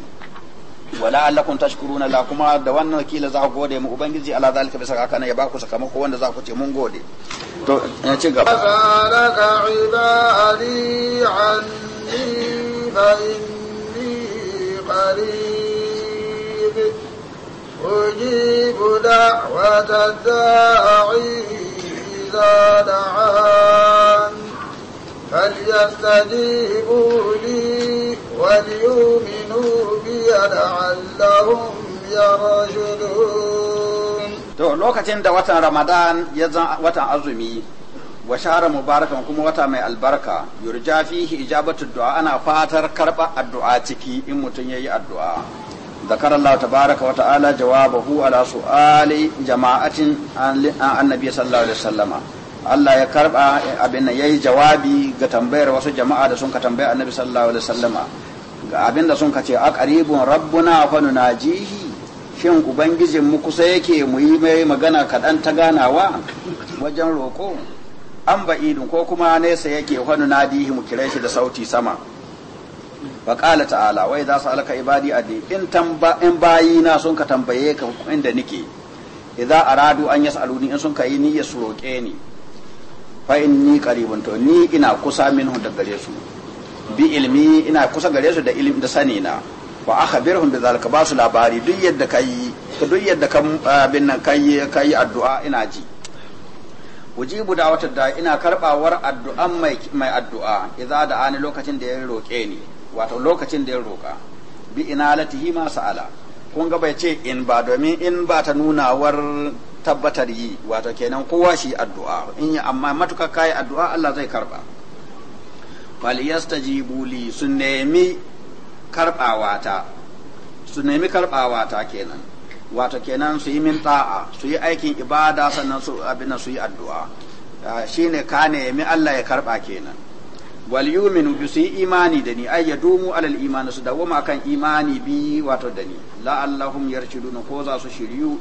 wala allakum tashkuruna la kuma da wannan kila za ku gode mu ubangiji ala zalika bisa haka ne ya ba ku sakamako wanda za ku ce mun gode to ya ci gaba zalaka ibadi anni fa inni qarib ujibu da'wata da'i idza da'an فليستجيبوا لي وليؤمنوا to lokacin da watan ramadan ya zan watan azumi wa shahara mubarakan kuma wata mai albarka yurja fihi ijabatu du'a ana fatar karba addu'a ciki in mutum yayi addu'a ذكر الله تبارك وتعالى جوابه على سؤال جماعة عن an صلى الله عليه وسلم Allah ya karba abin nan yayi jawabi ga tambayar wasu jama'a da sun ka tambaya Annabi sallallahu alaihi wasallama ga abinda sun ce a qaribun rabbuna fa jihi shin ubangijin mu kusa yake mu yi mai magana kaɗan ta ganawa wajen roƙo an ba'idun ko kuma nesa yake fa jihi mu kira shi da sauti sama wa ƙala ta'ala wai za su alaka ibadi adi in tamba na bayina sun ka tambaye ka inda nike a aradu an al'uni in sun ka yi niyyar su roƙe ni fa ni qaribun to ni ina kusa min daga gare su bi ilmi ina kusa gare su da ilmi da sani na wa akhbirhum bi zalika ba su labari duk yadda ka duk yadda ka bin nan kai yi addu'a ina ji ujibu wata da ina karbawar addu'an mai mai addu'a idza da ani lokacin da ya roke ni wato lokacin da ya roka bi ina latihi ma sa'ala kun ga bai ce in ba domin in ba ta nunawar tabbatar yi wato kenan kowa shi addu'a in amma matuka kai addu'a Allah zai karɓa. falyastajibu buli su nemi karbawata nemi karbawata kenan wato kenan su yi min ta'a su yi aikin ibada sannan su abin su yi addu'a ah, shine ka nemi Allah ya karba kenan wal yuminu bi su yi imani da ni ya yadumu alal imani su dawoma kan imani bi wato da ni la allahum yarshiduna ko za su shiryu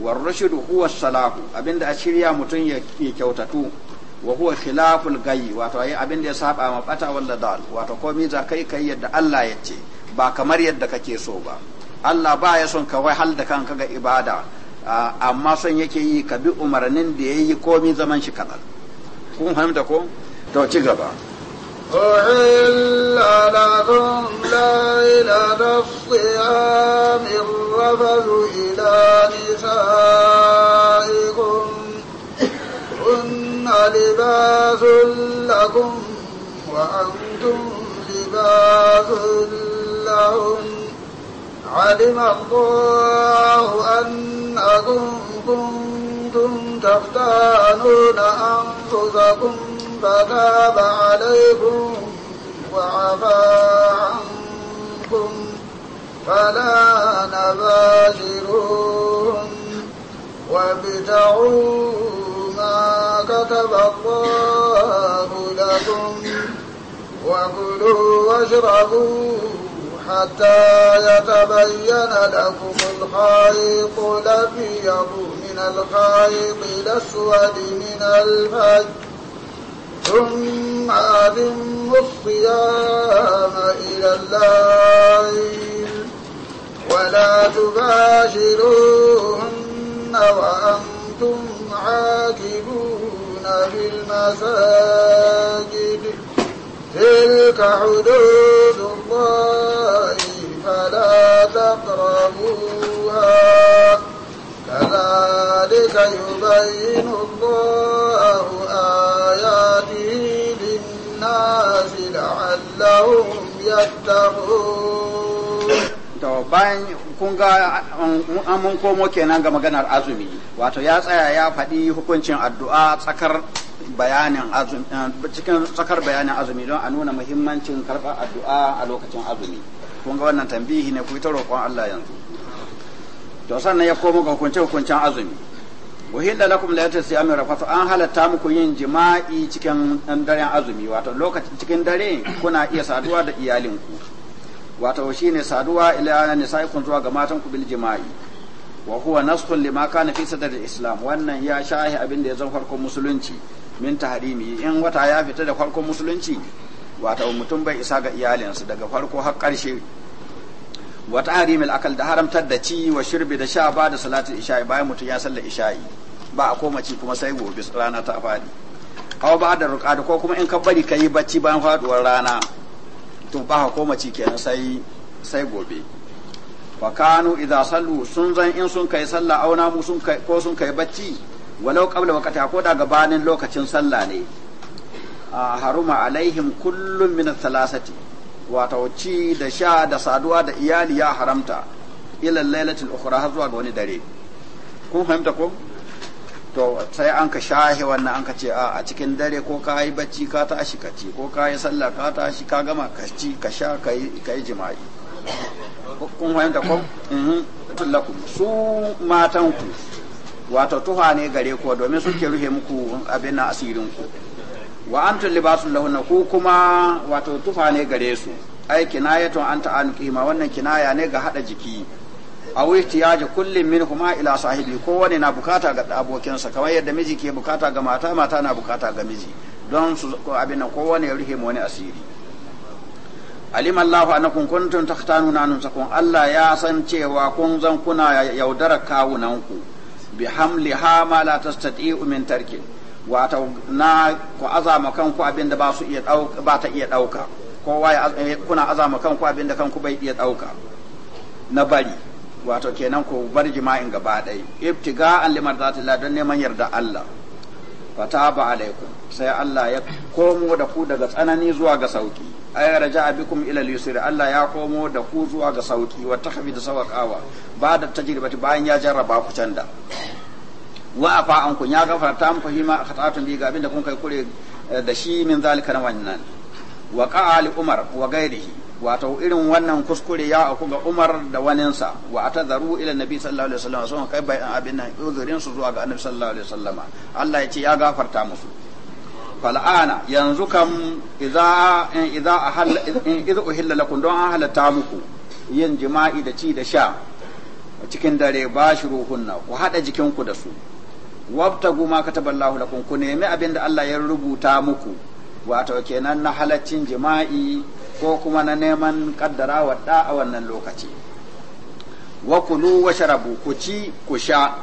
war rushdu huwa salahu abinda a shirya mutun ya kyautatu wa huwa khilaful gayyi wato ayi abin da ya saba ma bata walla dal wato komai za kai kai yadda Allah ya ce ba kamar yadda kake so ba Allah ba ya son ka wai hal da kanka ga ibada amma son yake yi ka bi umarnin da yayi komai zaman shi kadan kun fahimta ko to ci gaba أحل لباس لكم وأنتم لباس لهم علم الله أنكم كنتم تختانون أنفسكم فتاب عليكم وعفى عنكم فلا نباشرون وابتعوا كتب الله لكم وكلوا واشربوا حتى يتبين لكم الخيط الأبيض من الخيط الأسود من الفجر ثم ادم الصيام إلى الليل ولا تباشروهن وأنتم وأنتم عاكفون بالمساجد تلك حدود الله فلا تقربوها كذلك يبين الله آياته للناس لعلهم يتقون kun ga mun komo kenan ga maganar azumi wato ya tsaya ya faɗi hukuncin addu'a tsakar bayanin azumi eh, cikin tsakar bayanin azumi don a nuna muhimmancin karɓar addu'a a lokacin azumi kun ga wannan tambihi ne ku ta roƙon Allah yanzu to sannan ya komo ga hukunce hukuncen azumi wahilla lakum laylatul siyami rafatu an halatta muku yin jima'i cikin daren azumi wato lokacin cikin dare kuna iya saduwa da iyalinku wato ne saduwa ila nisaikum zuwa ga matan ku bil jima'i wa huwa nasxun lima kana fi sadr islam wannan ya shahi abin da ya zan farkon musulunci min tahrimi in wata ya fita da farkon musulunci wato mutum bai isa ga iyalinsa daga farko har karshe wa tahrimil akal da haramtar da ci wa shirbi da sha ba da salatul isha'i bayan mutum ya salla isha'i ba a koma ci kuma sai gobe rana ta fadi aw ba da ruqa ko kuma in ka bari kai bacci bayan faduwar rana to ba ko mace kenan sai sai gobe fa kanu idza sallu sun zan in sun kai sallah na mu sun kai ko sun kai bacci walau qabla waqti ko da gabanin lokacin sallah ne haruma alaihim kullum min thalathati wato ci da sha da saduwa da iyali ya haramta ila lailatul ukhra har zuwa ga wani dare kun fahimta ko to sai an ka shahe wannan an ka ce a cikin dare ko ka yi bacci ka tashi ka ci ko ka yi sallah ka tashi ka gama ka ci ka sha ka yi jima'i kun fahimta ko mhm. lakum su matan ku wato tuha ne gare ku domin suke rufe muku abin na asirin ku wa antum libasul lahunna ku kuma wato tufa ne gare su ai kinayatun an kima wannan kinaya ne ga hada jiki a wuce ya ji kullum min kuma ila sahibi kowane na bukata ga abokinsa kamar yadda miji ke bukata ga mata mata na bukata ga miji don su abin nan kowane ya rufe wani asiri alim Allah ta kuntum takhtanuna sakon Allah ya san cewa kun zan kuna yaudara kawunanku bi ha ma la tastati'u min tarkin wata na ku azama kanku abin da ba su iya dauka ba ta iya dauka kowa ya eh, kuna azama kanku abin da kanku bai iya dauka na bari wato kenan ko bar jima'in gaba ɗaya ibtiga an limar don neman yarda Allah fata ba alaikum sai Allah ya komo da ku daga tsanani zuwa ga sauki ay raja bikum ila ilal yusri Allah ya komo da ku zuwa ga sauki wa tahfid sawaqawa ba da tajribati bayan ya jarraba ku canda wa afa an kun ya gafarta mu hima khatatun bi ga abinda kun kai kure eh, da shi min zalika na wannan wa qa'a umar wa gairihi wato irin wannan kuskure ya aku ga Umar da waninsa wa atadharu ila nabi sallallahu alaihi wasallam sun kai bai abin nan uzurin su zuwa ga annabi sallallahu alaihi wasallam Allah ya ce ya gafarta musu fal'ana yanzu kam idza idza ahalla idza uhilla lakum don an halatta muku yin jima'i da ci da sha cikin dare ba shi ruhunna ku hada jikinku da su wabtagu ma kataballahu lakum ku nemi abin da Allah ya rubuta muku wato kenan na halaccin jima'i ko kuma na neman kaddara wa da a wannan lokaci wa kulu wa sharabu ku ci ku sha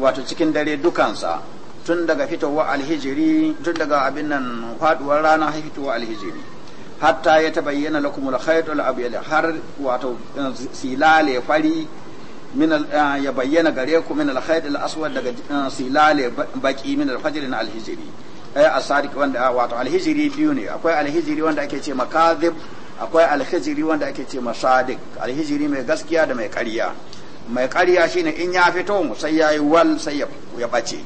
wato cikin dare dukansa tun daga fitowa alhijiri tun daga abin nan faduwar rana har fitowa alhijiri hatta ya tabayyana lakum al-khayt abyad har wato eh, silale fari min eh, ya bayyana gare ku min al-khayt al-aswad daga eh, silale baki min al-fajr al-hijri Eh, as-sadiq wanda wato alhijiri biyu ne akwai alhijiri wanda ake ce makazib akwai alhijiri wanda ake ce sadiq alhijiri mai gaskiya da mai ƙarya mai ƙarya shine in ya fito sai ya yi wal sai ya bace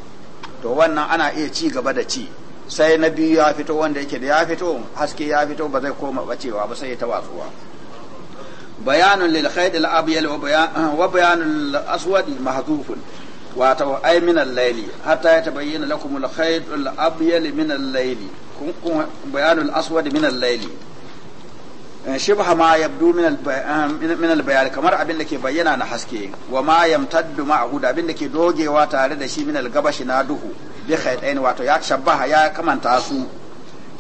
to wannan ana iya ci gaba da ci sai na biyu ya fito wanda yake da ya fito haske ya fito ba zai koma bacewa ba sai ya tawatsuwa bayanun lil khayd al abyal wa bayan wa aswad mahdhufun wato ai min al hatta ya tabayyana lakum al-khayt abyal min al-layli kun bayanul aswad min al-layli eh, shibha ma yabdu min eh, min al-bayan kamar abin da ke bayyana na haske wa ma yamtaddu ma'ahu da abin da ke dogewa tare da shi min al-gabashi na duhu bi khaytain wato ya shabbaha ya kamanta su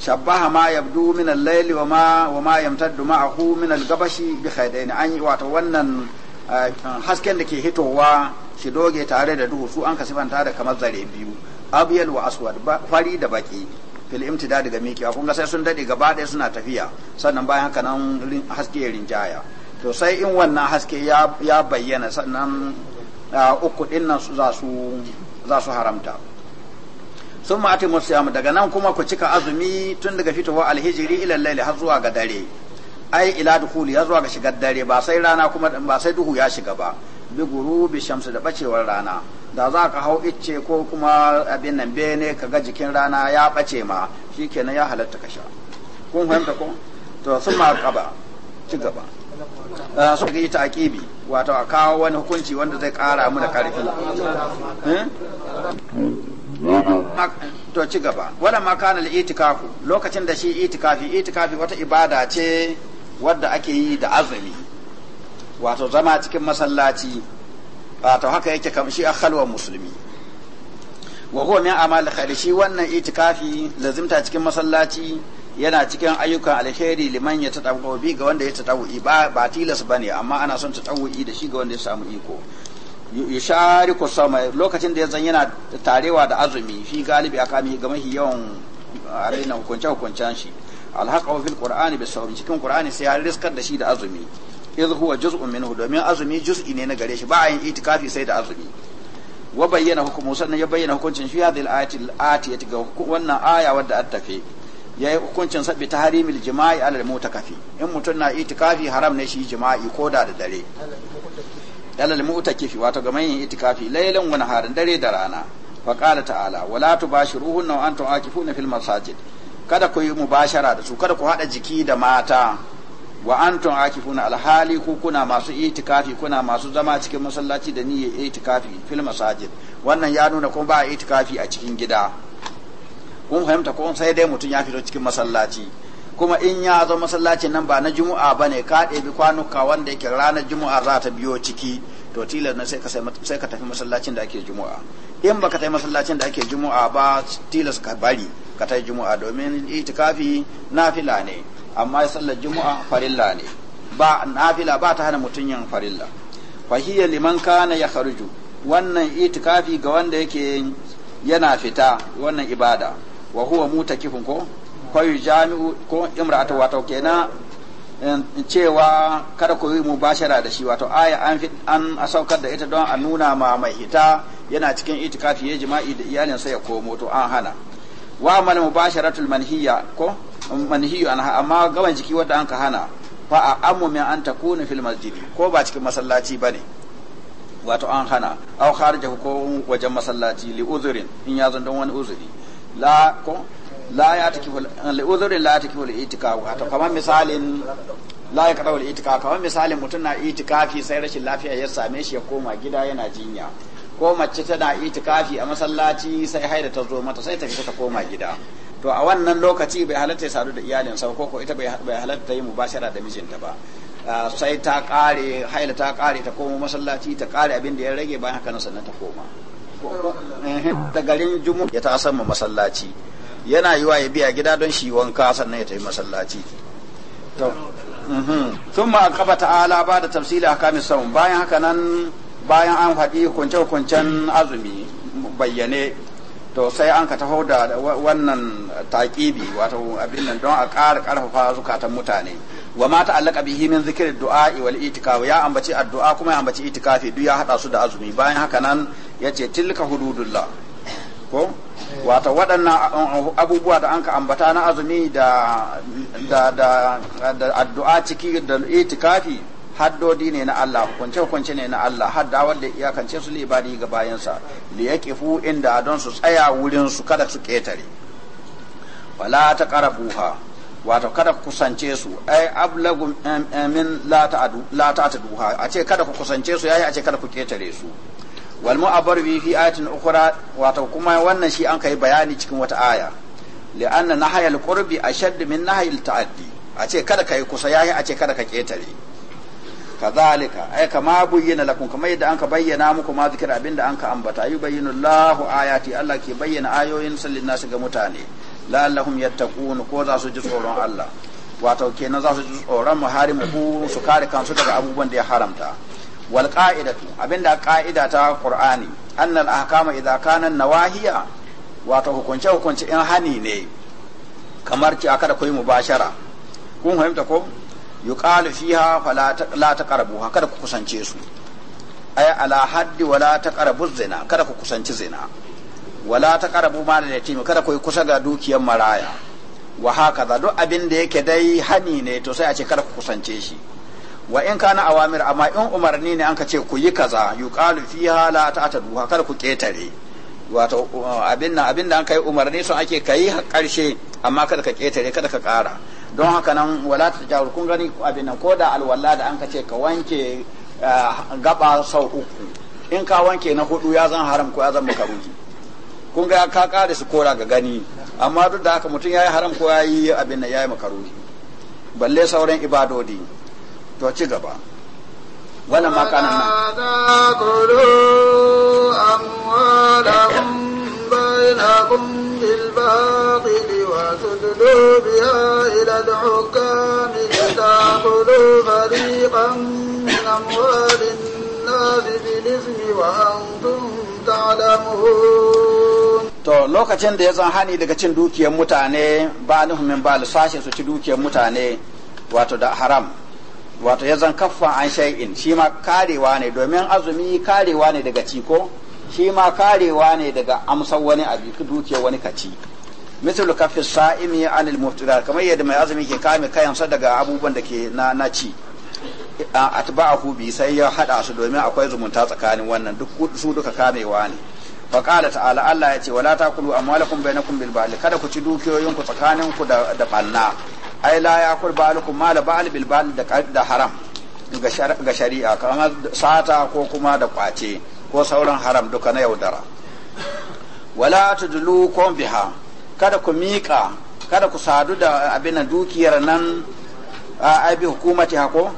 shabbaha ma yabdu min al-layli wa ma wa ma yamtaddu ma'ahu min al-gabashi bi khaytain an wato wannan hasken da ke hitowa shi doge tare da duhu su an ka sifanta da kamar zare biyu abiyal wa aswad fari da baki fil imtida daga miki kun ga sai sun dade gaba daya suna tafiya sannan bayan haka nan haske ya rinjaya to sai in wannan haske ya bayyana sannan uku din nan za su za su haramta sun ma'ati musayam daga nan kuma ku cika azumi tun daga fitowa alhijiri ila laili har zuwa ga dare ai ila dukhuli ya zuwa ga shigar dare ba sai rana kuma ba sai duhu ya shiga ba bi gurubi shamsu da bacewar rana da za ka hau icce ko kuma abin nan bene ka ga jikin rana ya bace ma shikenan ya halatta ka sha kun fahimta ko to sun ma kaba ci gaba ah, su ga ita aqibi wato a kawo wani hukunci wanda zai kara mu da karfi eh? to ci gaba wala ma itikafu lokacin da shi itikafi itikafi wata ibada ce wadda ake yi da azumi wato zama cikin masallaci wato haka yake kamshi a khalwar musulmi wa huwa min amal khalishi wannan itikafi lazimta cikin masallaci yana cikin ayyukan alheri liman ya tadawu bi ga wanda ya tadawu ba ba tilas bane amma ana son ta tadawu da shi ga wanda ya samu iko yushariku sama lokacin da ya zan yana tarewa da azumi fi galibi akami ga mahi yawan abin hukunce hukuncen shi alhaqahu fil qur'ani bi sawm cikin qur'ani sai ya riskar da shi da azumi iz huwa juz'un minhu domin azumi juz'i ne na gare shi ba a yin itikafi sai da azumi wa bayyana hukumu sannan ya bayyana hukuncin fi hadhihi al-ayati ga wannan aya wadda an tafi ya yi hukuncin sabi ta harimil jima'i alal mutakafi in mutum na itikafi haram ne shi jima'i ko da da dare alal mutakifi wato ga manyan itikafi lailan wani harin dare da rana fa qala ta'ala wala tubashiruhunna wa antum akifuna fil masajid kada ku yi mubashara da su kada ku haɗa jiki da mata wa antum akifuna alhali ku kuna masu itikafi kuna masu zama cikin masallaci da niyyar itikafi fil masajid wannan ya nuna kuma ba itikafi a cikin gida kun fahimta ko sai dai mutum ya fito cikin masallaci kuma in ya zo masallacin nan ba na juma'a ba ne ka ɗebi kwanuka wanda yake ranar juma'a za ta biyo ciki to tilas na sai ka tafi masallacin da ake juma'a in baka tafi masallacin da ake juma'a ba tilas ka bari ka ta juma'a domin itikafi nafila ne amma sallar juma'a farilla ne ba nafila ba ta hana mutum yin farilla fahiyar liman kana ya kharuju wannan itikafi ga wanda yake yana fita wannan ibada wa huwa kifin ko kwayo jami'u ko imra'atu wato kenan eh, cewa kada ku yi mubashara da shi wato aya an fi an saukar da ita don a nuna ma mai hita yana cikin itikafi ya jima'i da iyalinsa ya komo to an hana wa mal mubasharatul manhiya ko manhiyu anha amma gaban jiki wanda an ka hana fa a amu min an takuna fil masjidi ko ba cikin masallaci bane wato an hana aw kharaja ko wajen masallaci li uzurin in ya zanda don wani uzuri la ko la ya takifu li uzurin la takifu li itika wato kamar misalin la ya kadawul itika kamar misalin mutum na itikafi sai rashin lafiya ya same shi ya koma gida yana jinya ko mace tana itikafi a masallaci sai haida ta zo mata sai ta fita ta koma gida to a wannan lokaci bai halatta ya sadu da iyalin sa ko ko ita bai halatta ta yi mubashara da mijinta ba sai ta kare haila ta kare ta koma masallaci ta kare abin da ya rage bayan haka sannan ta koma eh, da garin jumu ya ta sama masallaci yana yiwa ya biya gida don shi wanka sannan ya tafi masallaci to sun ma kafa ta'ala ba da tafsila hakamin samun bayan haka nan bayan an haɗi kunce hukuncen azumi bayyane to sai an ka taho da wannan taƙibi wato abin nan don a ƙara ƙarfafa zukatan mutane wa ma allaka bihi min zikri du'a wal itikaf ya ambaci addu'a kuma ya ambaci itikafi duk ya hada su da azumi bayan haka nan yace tilka hududullah ko wato waɗannan abubuwa da an ka ambata na azumi da da da addu'a ciki da itikafi haddodi ne na Allah hukunce hukunce ne na Allah hadda wanda ya kance su libadi ga bayansa li yaqifu inda don su tsaya wurin su kada su ketare wala ta qarabuha wato kada ku kusance su ai ablagum min la adu la ta'taduha a ce kada ku kusance su yayi a ce kada ku ketare su wal mu'abbar bi fi ayatin ukhra wato kuma wannan shi an kai bayani cikin wata aya li anna nahayal qurbi ashad min nahayil ta'addi a ce kada kai kusa yayi a ce kada ka ketare kazalika ai kama bayyana lakum kamar yadda anka bayyana muku ma zikir abinda anka ambata yubayyinu Allahu ayati Allah ke bayyana ayoyin sallin nasu ga mutane la'allahum yattaqun ko za su ji tsoron Allah wato kenan za su ji tsoron muharimu su kare kansu daga abubuwan da ya haramta wal qa'idatu abinda qa'ida ta qur'ani annal ahkama idza kana nawahiya wato hukunce hukunce in hani ne kamar ci aka da koyi mubashara kun fahimta ko yuqalu fiha fala la taqrabu kada ku kusance su ay ala haddi wala taqrabu zina kada ku kusanci zina wala taqrabu mal yatim kada ku kusa ga dukiyar maraya wa hakaza duk abin da yake dai hani ne to sai a ce kada ku kusance shi wa in kana awamir amma in umarni ne an ka ce ku yi kaza yuqalu fiha la ta'tadu kada ku ketare wato uh, abin nan abin da an kai umarni sun ake kai har karshe amma kada ka ketare kada ka kara don haka nan wala ta tajawur kun gani abin nan ko da alwala da an ka ce ka wanke eh, gaba sau uku in ka wanke na hudu ya zan haram ko ya zan makaruhi kun ga ka kare su kora ga gani amma duk da haka mutum yayi haram ko yayi abin nan yayi makaruhi balle sauran ibadodi to ci gaba wannan ma kanan nan دينكم بالباطل وتدلوا بها إلى الحكام لتأخذوا فريقا من أموال الناس بالإثم وأنتم تعلمون To lokacin da ya zan hani daga cin dukiyar mutane ba nuhumin ba sashe su ci dukiyar mutane wato da haram wato ya zan kaffa an shay'in shi ma karewa ne domin azumi karewa ne daga ciko shi ma karewa ne daga amsar wani abu duke wani kaci misal kafi sa'imi anil muftira kamar yadda mai azumi ke kame kayansa daga abubuwan da ke na na ci atba'ahu bi sai ya hada su domin akwai zumunta tsakanin wannan duk su duka kamewa ne fa qala ta'ala Allah ya ce wala taqulu amwalakum bainakum bil ba'li kada ku ci dukiyoyinku ku da da balla ai la yakul ba'lukum mal ba'l bil ba'l da haram ga shari'a kamar sata ko kuma da kwace ko sauran haram duka na yaudara wala tudlu kon biha kada ku miƙa kada ku sadu da abin dukiyar nan a aibi hukumati hako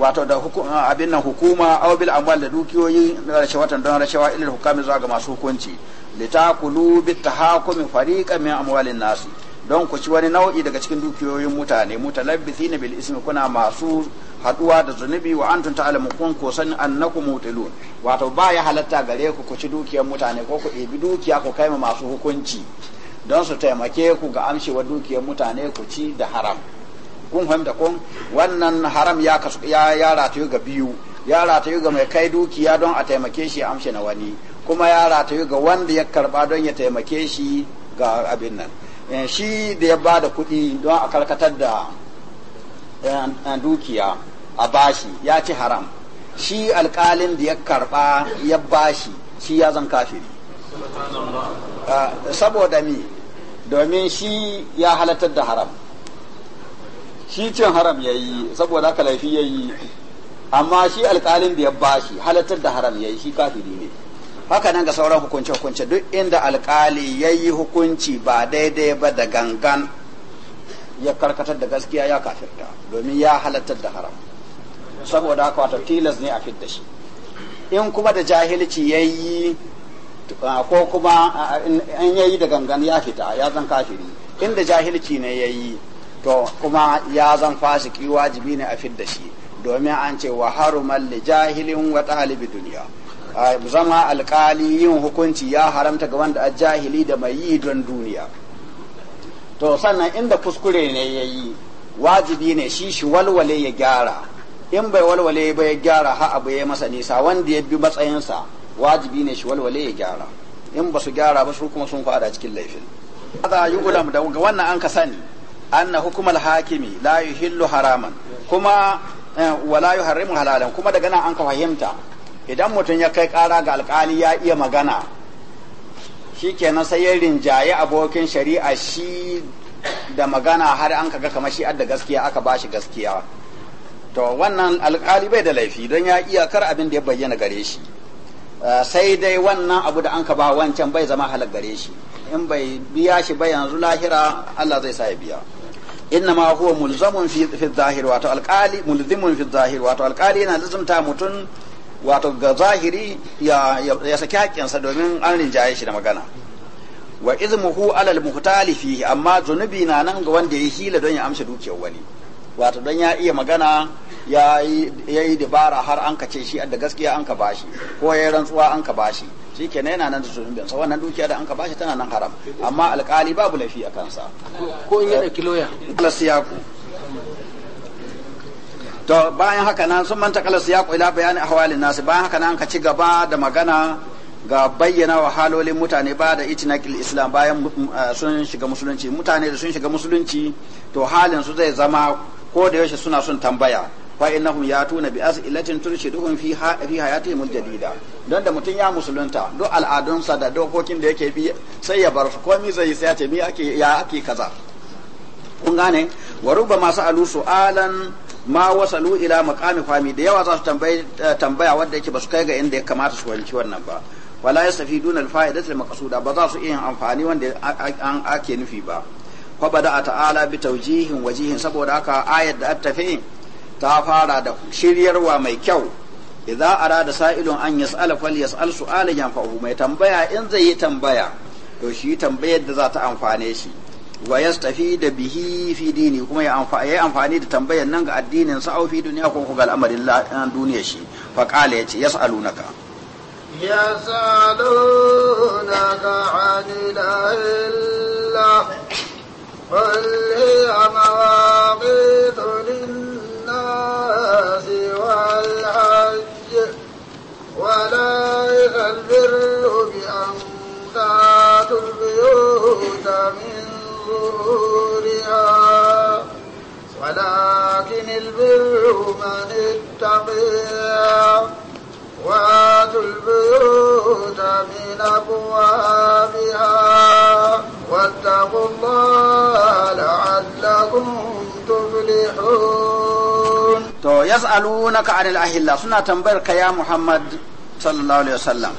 wato da abin nan hukuma au bil amwal da dukiyoyi na watan don rashawa ilil hukami zuwa ga masu hukunci litakulu bit tahakumi fariqan min amwalin nasi don ku ci wani nau'i daga cikin dukiyoyin mutane mutalabbithina bil ismi kuna masu haduwa da zunubi wa antum ta'lamun kun ko san annakum mutilun wato ba ya halatta gare ku ku ci dukiyar mutane ko ku ebi dukiya ku kai masu hukunci don su taimake ku ga amshewa dukiyar mutane ku ci da haram kun fahimta kun wannan haram ya kasu ya ya ratayu ga biyu ya ratayu ga mai kai dukiya don a taimake shi amshe na wani kuma ya ratayu ga wanda ya karba don ya taimake shi ga abin nan Eh, shi da ya ba da kuɗi don a karkatar da eh, dukiya a bashi ya ci haram shi alƙalin da ya karɓa ya bashi shi ya zan kafiri eh, saboda mi domin shi ya halatar da haram shi cin haram ya yi saboda haka laifi ya yi amma shi alƙalin da ya bashi halatar da haram ya yi shi kafiri ne haka nan ga sauran hukunce hukunce duk inda alkali ya yi hukunci ba daidai ba da gangan ya karkatar da gaskiya ya kafirta domin ya halattar da haram saboda haka wato tilas ne a fidda shi in kuma da jahilci ya yi ko kuma an yayi da gangan ya fita ya zan kafiri inda jahilci ne ya yi to kuma ya zan fasiki wajibi ne a fidda shi domin an ce wa harumar jahilin wa ɗalibi duniya zama alkali yin hukunci ya haramta ga wanda a jahili da mai yi don duniya to sannan inda kuskure ne ya yi wajibi ne shi shi walwale ya gyara in bai walwale ba ya gyara ha abu ya masa nisa wanda ya bi matsayinsa wajibi ne shi walwale ya gyara in ba su gyara ba su kuma sun fada cikin laifin yi ulam da ga wannan an ka sani an na hukumar hakimi la yuhillu haraman kuma eh, wala yuharrimu halalan kuma daga nan an ka fahimta idan mutum ya kai ƙara ga alkali ya iya magana shi kenan sai ya rinjaye abokin shari'a shi da magana har an kaga kamar shi da gaskiya aka ba shi gaskiya to wannan alkali bai da laifi don ya iya kar abin da ya bayyana gare shi eh, sai dai wannan abu da an ka ba wancan bai zama halar gare shi in bai biya shi ba yanzu lahira Allah zai sa biya inna ma huwa mulzamun fi zahir wato alkali mulzimun fi zahir wato alkali yana lazumta mutum wato ga zahiri ya ya saki haƙƙinsa domin an rinjaye shi da magana wa izmuhu alal muhtali fihi amma zunubi na nan ga wanda ya hila don ya amsa dukiyar wani wato don ya iya magana ya yi dabara har an kace shi da gaskiya an ka bashi ko ya rantsuwa an ka bashi shikenan kenan yana nan da zunubin sa wannan dukiya da an ka bashi tana nan haram amma alkali babu lafiya a kansa ko in ya dauki to bayan haka nan sun manta kala su ya kula bayani ahwalin nasu bayan haka nan ka ci gaba da magana ga bayyana wa halolin mutane ba da itinakil islam bayan mm, mm, ah, sun shiga musulunci mutane da sun shiga musulunci to halin su zai zama ko da yaushe suna sun tambaya fa innahum yatuna bi as'ilatin turshiduhum fi fi hayatihim aljadida don da mutum ya musulunta duk al'adunsa da dokokin da yake bi sai ya bar su komai zai sai ya ce mi ake ya ake kaza kun gane wa rubba masu alusu alan. ma wasalu ila maqami fami da yawa za su eh, tambaya wanda yake ba su kai ga inda ya kamata su wanci wannan ba wala yastafiduna alfa'idat almaqsuda ba za su iya amfani wanda an ake nufi ba fa bada ta'ala bi tawjihin wajihin saboda haka ayat da attafi ta fara da shiryarwa mai kyau idza arada sa'ilun an yas'ala fal yas'al su'alan yanfa'uhu mai tambaya in zai yi tambaya to shi tambayar da za ta amfane shi wa yastafida bihi fi dini kuma ya amfani amfani da tambayar nan ga addinin sa au fi duniya ko ga al'amarin duniya shi fa qala yace yas'alunaka yas'alunaka anil illa قل هي مواقيت للناس والحج وليس البر بأن تأتوا البيوت من ظهورها ولكن البر من اتقي وآتوا البيوت من أبوابها واتقوا الله لعلكم تفلحون. تو يسألونك عن الأهلة سنة تنبرك يا محمد صلى الله عليه وسلم.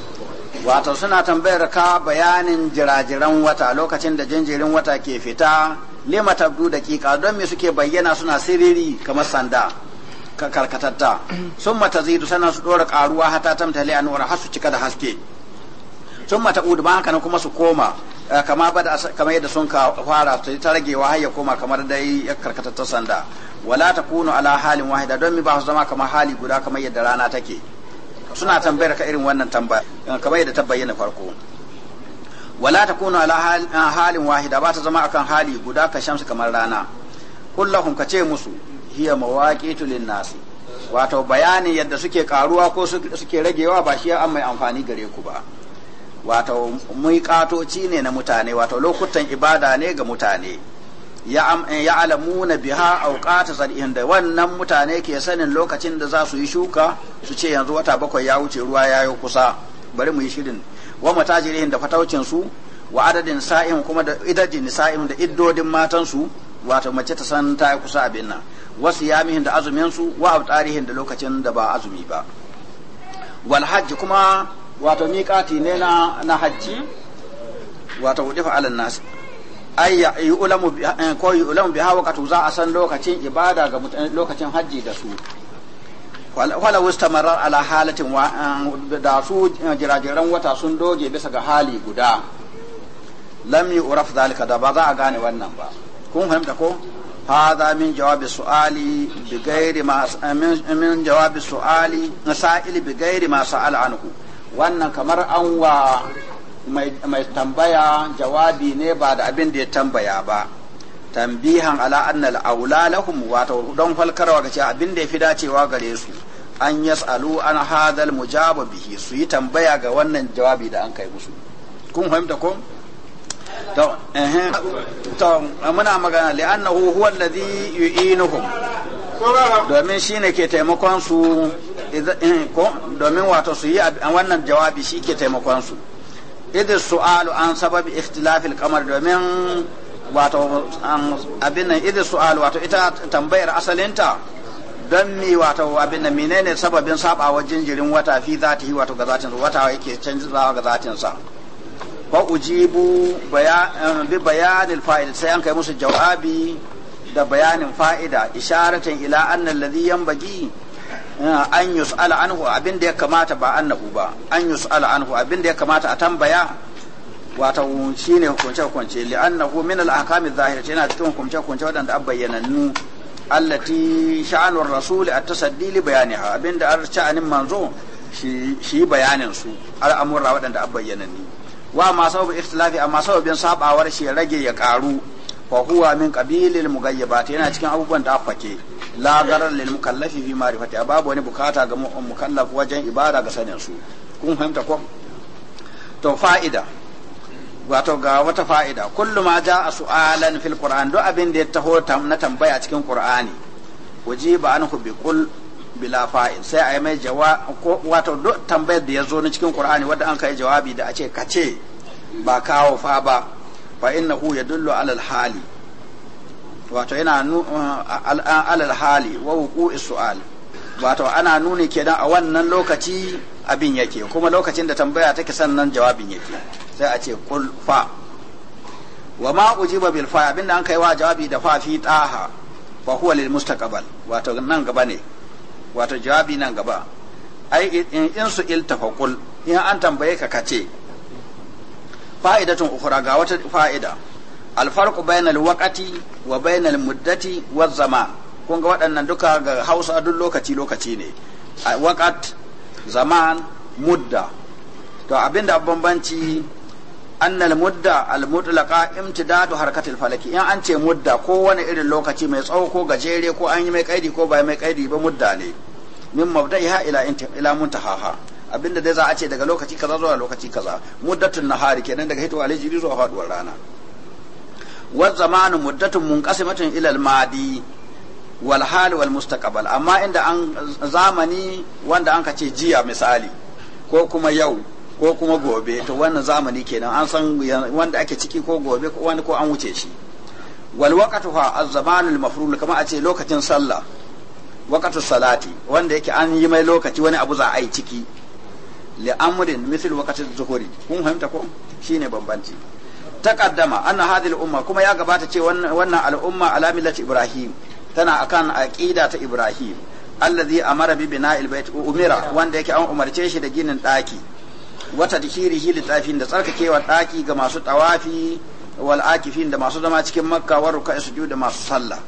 wato suna tambayar ka bayanin jirajiran wata lokacin da jinjirin wata ke fita lima tabdu kika don me suke bayyana suna siriri kamar sanda ka karkatatta sun mata zidu sana su dora karuwa hata tamtali a nura har su cika da haske sun mata udu ba haka kuma su koma eh, kama bada kama yadda sun ka fara su ta ragewa har ya koma kamar dai ya karkatatta sanda wala takunu ala halin wahida don me ba su zama kamar hali guda kamar yadda rana take suna tambayar ka irin wannan tambaya eh, kamar yadda ta bayyana farko wala ta kuna ala eh, halin wahida ba ta zama akan hali guda ka shamsu kamar rana kullahum ka ce musu hiya mawaqitu nasu. wato bayani yadda suke karuwa ko suke ragewa ba shi an mai amfani gare ku ba wato katoci ne na mutane wato lokutan ibada ne ga mutane Eh, ya alamuna biha auqata sadihin da wannan mutane ke sanin lokacin da za su yi shuka su ce yanzu wata bakwai ya wuce ruwa ya yi kusa bari mu yi shirin wa matajirin da fataucin su wa adadin sa'in kuma da idadin sa'in da iddodin matan su wato mace ta san ta yi kusa abin nan wasu siyamihin da azumin su wa abtarihin da lokacin da ba azumi ba wal hajj kuma wato miqati ne na na hajji wato wudifa alannas nasi ay yi ulamu eh, ko yi ulamu hawa katu za a san lokacin ibada ga lokacin hajji da su wala marar ala halatin wa eh, da su eh, jirajiran wata sun doge bisa ga hali guda lam yu'raf zalika da ba za a gane wannan ba kun fahimta ko min jawabi su'ali bi سؤالي ma min jawabi su'ali سؤالي bi gairi ma sa'al anhu wannan kamar an wa mai tambaya jawabi ne ba da abin da ya tambaya ba tambihan ala annal aula lahum wato don falkarwa ga ce abin da ya fi dacewa gare su an yas'alu an hadal mujaba bihi su yi tambaya ga wannan jawabi da an kai musu kun fahimta ko to eh to muna magana li annahu huwa alladhi yu'inuhum domin shine ke taimakon su eh, ko domin wato su yi wannan jawabi shi ke taimakon su idis su'alu an sababi ikhtilafil kamar domin wato abin nan idis su'alu wato ita tambayar asalinta don mi wato abin nan menene sababin sabawa jinjirin wata fi zatihi wato ga zatinsa wata yake canzawa ga zatinsa sa fa ujibu bi bayanil fa'ida sai an kai musu jawabi da bayanin fa'ida isharatan ila anna alladhi yanbaghi an yus'ala anhu abin da ya kamata ba annahu ba an yus'ala anhu abin da ya kamata a tambaya wata shi ne hukunce hukunce li annahu min al ahkami zahira yana cikin hukunce hukunce wadanda an bayyanannu allati sha'anur rasul at tasaddi li bayaniha abin da ar sha'anin manzo shi shi bayanin su al'amura wadanda an bayyananni wa ma sababu ikhtilafi amma sababin sabawar shi rage ya karu wa huwa min qabilil mugayyibat yana cikin abubuwan da afake la darar lil mukallafi fi ma'rifati babu wani bukata ga mukallaf wajen ibada ga sanin su kun fahimta ko to fa'ida wato ga wata fa'ida kullum ma a su'alan fil qur'an duk abin da ya taho na tambaya cikin qur'ani wajiba anhu bi kul bila fa'il sai a yi mai jawabi wato duk tambayar da ya zo na cikin qur'ani wanda an kai jawabi da a ce kace ba kawo fa ba fa innahu yadullu alal hali wato yana uh, uh, alal hali wa wuku su'al wato ana nuni kenan a wannan lokaci abin yake kuma lokacin da tambaya take sannan jawabin yake sai a ce kul fa wa ma ujiba bil fa abinda an kai wa jawabi da fa fi taha fa huwa lil mustaqbal wato nan gaba ne wato jawabi nan gaba ai in su iltafa kul in an tambaye ka kace fa'idatun ukhra ga wata fa'ida alfarku bainal wakati wa bainal muddati wa zama kun ga waɗannan duka ga hausa duk lokaci lokaci ne Waƙat, zaman mudda to abinda bambanci annal mudda al imtidadu harkatil falaki in an ce mudda ko wani irin lokaci mai tsawo ko gajere ko an yi mai kaidi ko ba mai kaidi ba mudda ne min mabda'iha ila ila muntahaha abinda dai za a ce daga lokaci kaza zuwa lokaci kaza muddatun nahari kenan daga hito alijiri zuwa faduwar rana wa zamanu muddatun munqasimatun ila al-madi wal hal wal mustaqbal amma inda an zamani wanda an ce jiya misali ko kuma yau ko kuma gobe to wannan zamani kenan an san wanda ake ciki ko gobe ko wani ko an wuce shi wal waqtu az-zamanul mafrul kama a ce lokacin sallah waqtu salati wanda yake an yi mai lokaci wani abu za a yi ciki li amrin misal waqtu zuhuri kun fahimta ko shine bambanci taqaddama anna hadhihi al-umma kuma ya gabata ce wannan al'umma ala millati ibrahim tana akan aqida ta ibrahim allazi amara bi bina'il bait umira wanda yake an umarce shi da ginin daki wata dikirihi litafin da tsarkakewa daki ga masu tawafi wal akifin da masu zama cikin makka wa ruka'i sujud da masu sallah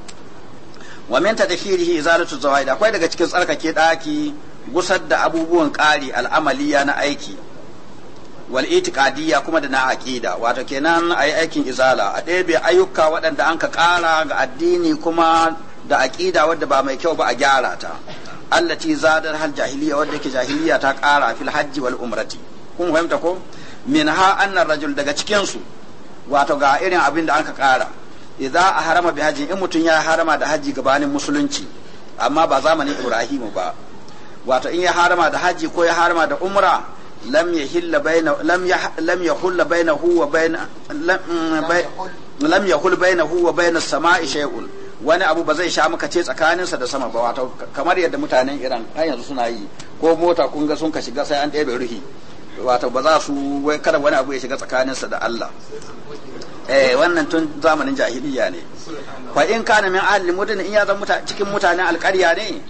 wa min tadhirihi izalatu zawaid akwai daga cikin tsarkake daki gusar da abubuwan ƙari al'amaliya na aiki wal itiqadiyya kuma da na aqida wato kenan ayi aikin izala a ɗebe ayyuka waɗanda an ka ƙara ga addini kuma da aqida wadda ba mai kyau ba a gyara ta allati zadar hal jahiliya wadda ke jahiliya ta ƙara fil hajji wal umrati kun fahimta ko min ha annar rajul daga cikin su wato ga irin abin da an ka ƙara idza a harama bi hajji in mutum ya harama da hajji gabanin musulunci amma ba zamanin ibrahimu ba wato in ya harama da hajji ko ya harama da umra lam yahilla baina lam lam yahulla bainahu wa baina lam yahul bainahu wa baina samai shay'un wani abu ba zai sha maka ce tsakaninsa da sama ba wato kamar yadda mutanen Iran har yanzu suna yi ko mota kun ga sun ka shiga sai an ɗebe ruhi wato ba za su kada wani abu ya shiga tsakaninsa da Allah eh wannan tun zamanin jahiliya ne fa in kana min ahli mudin in ya zama cikin mutanen alƙarya ne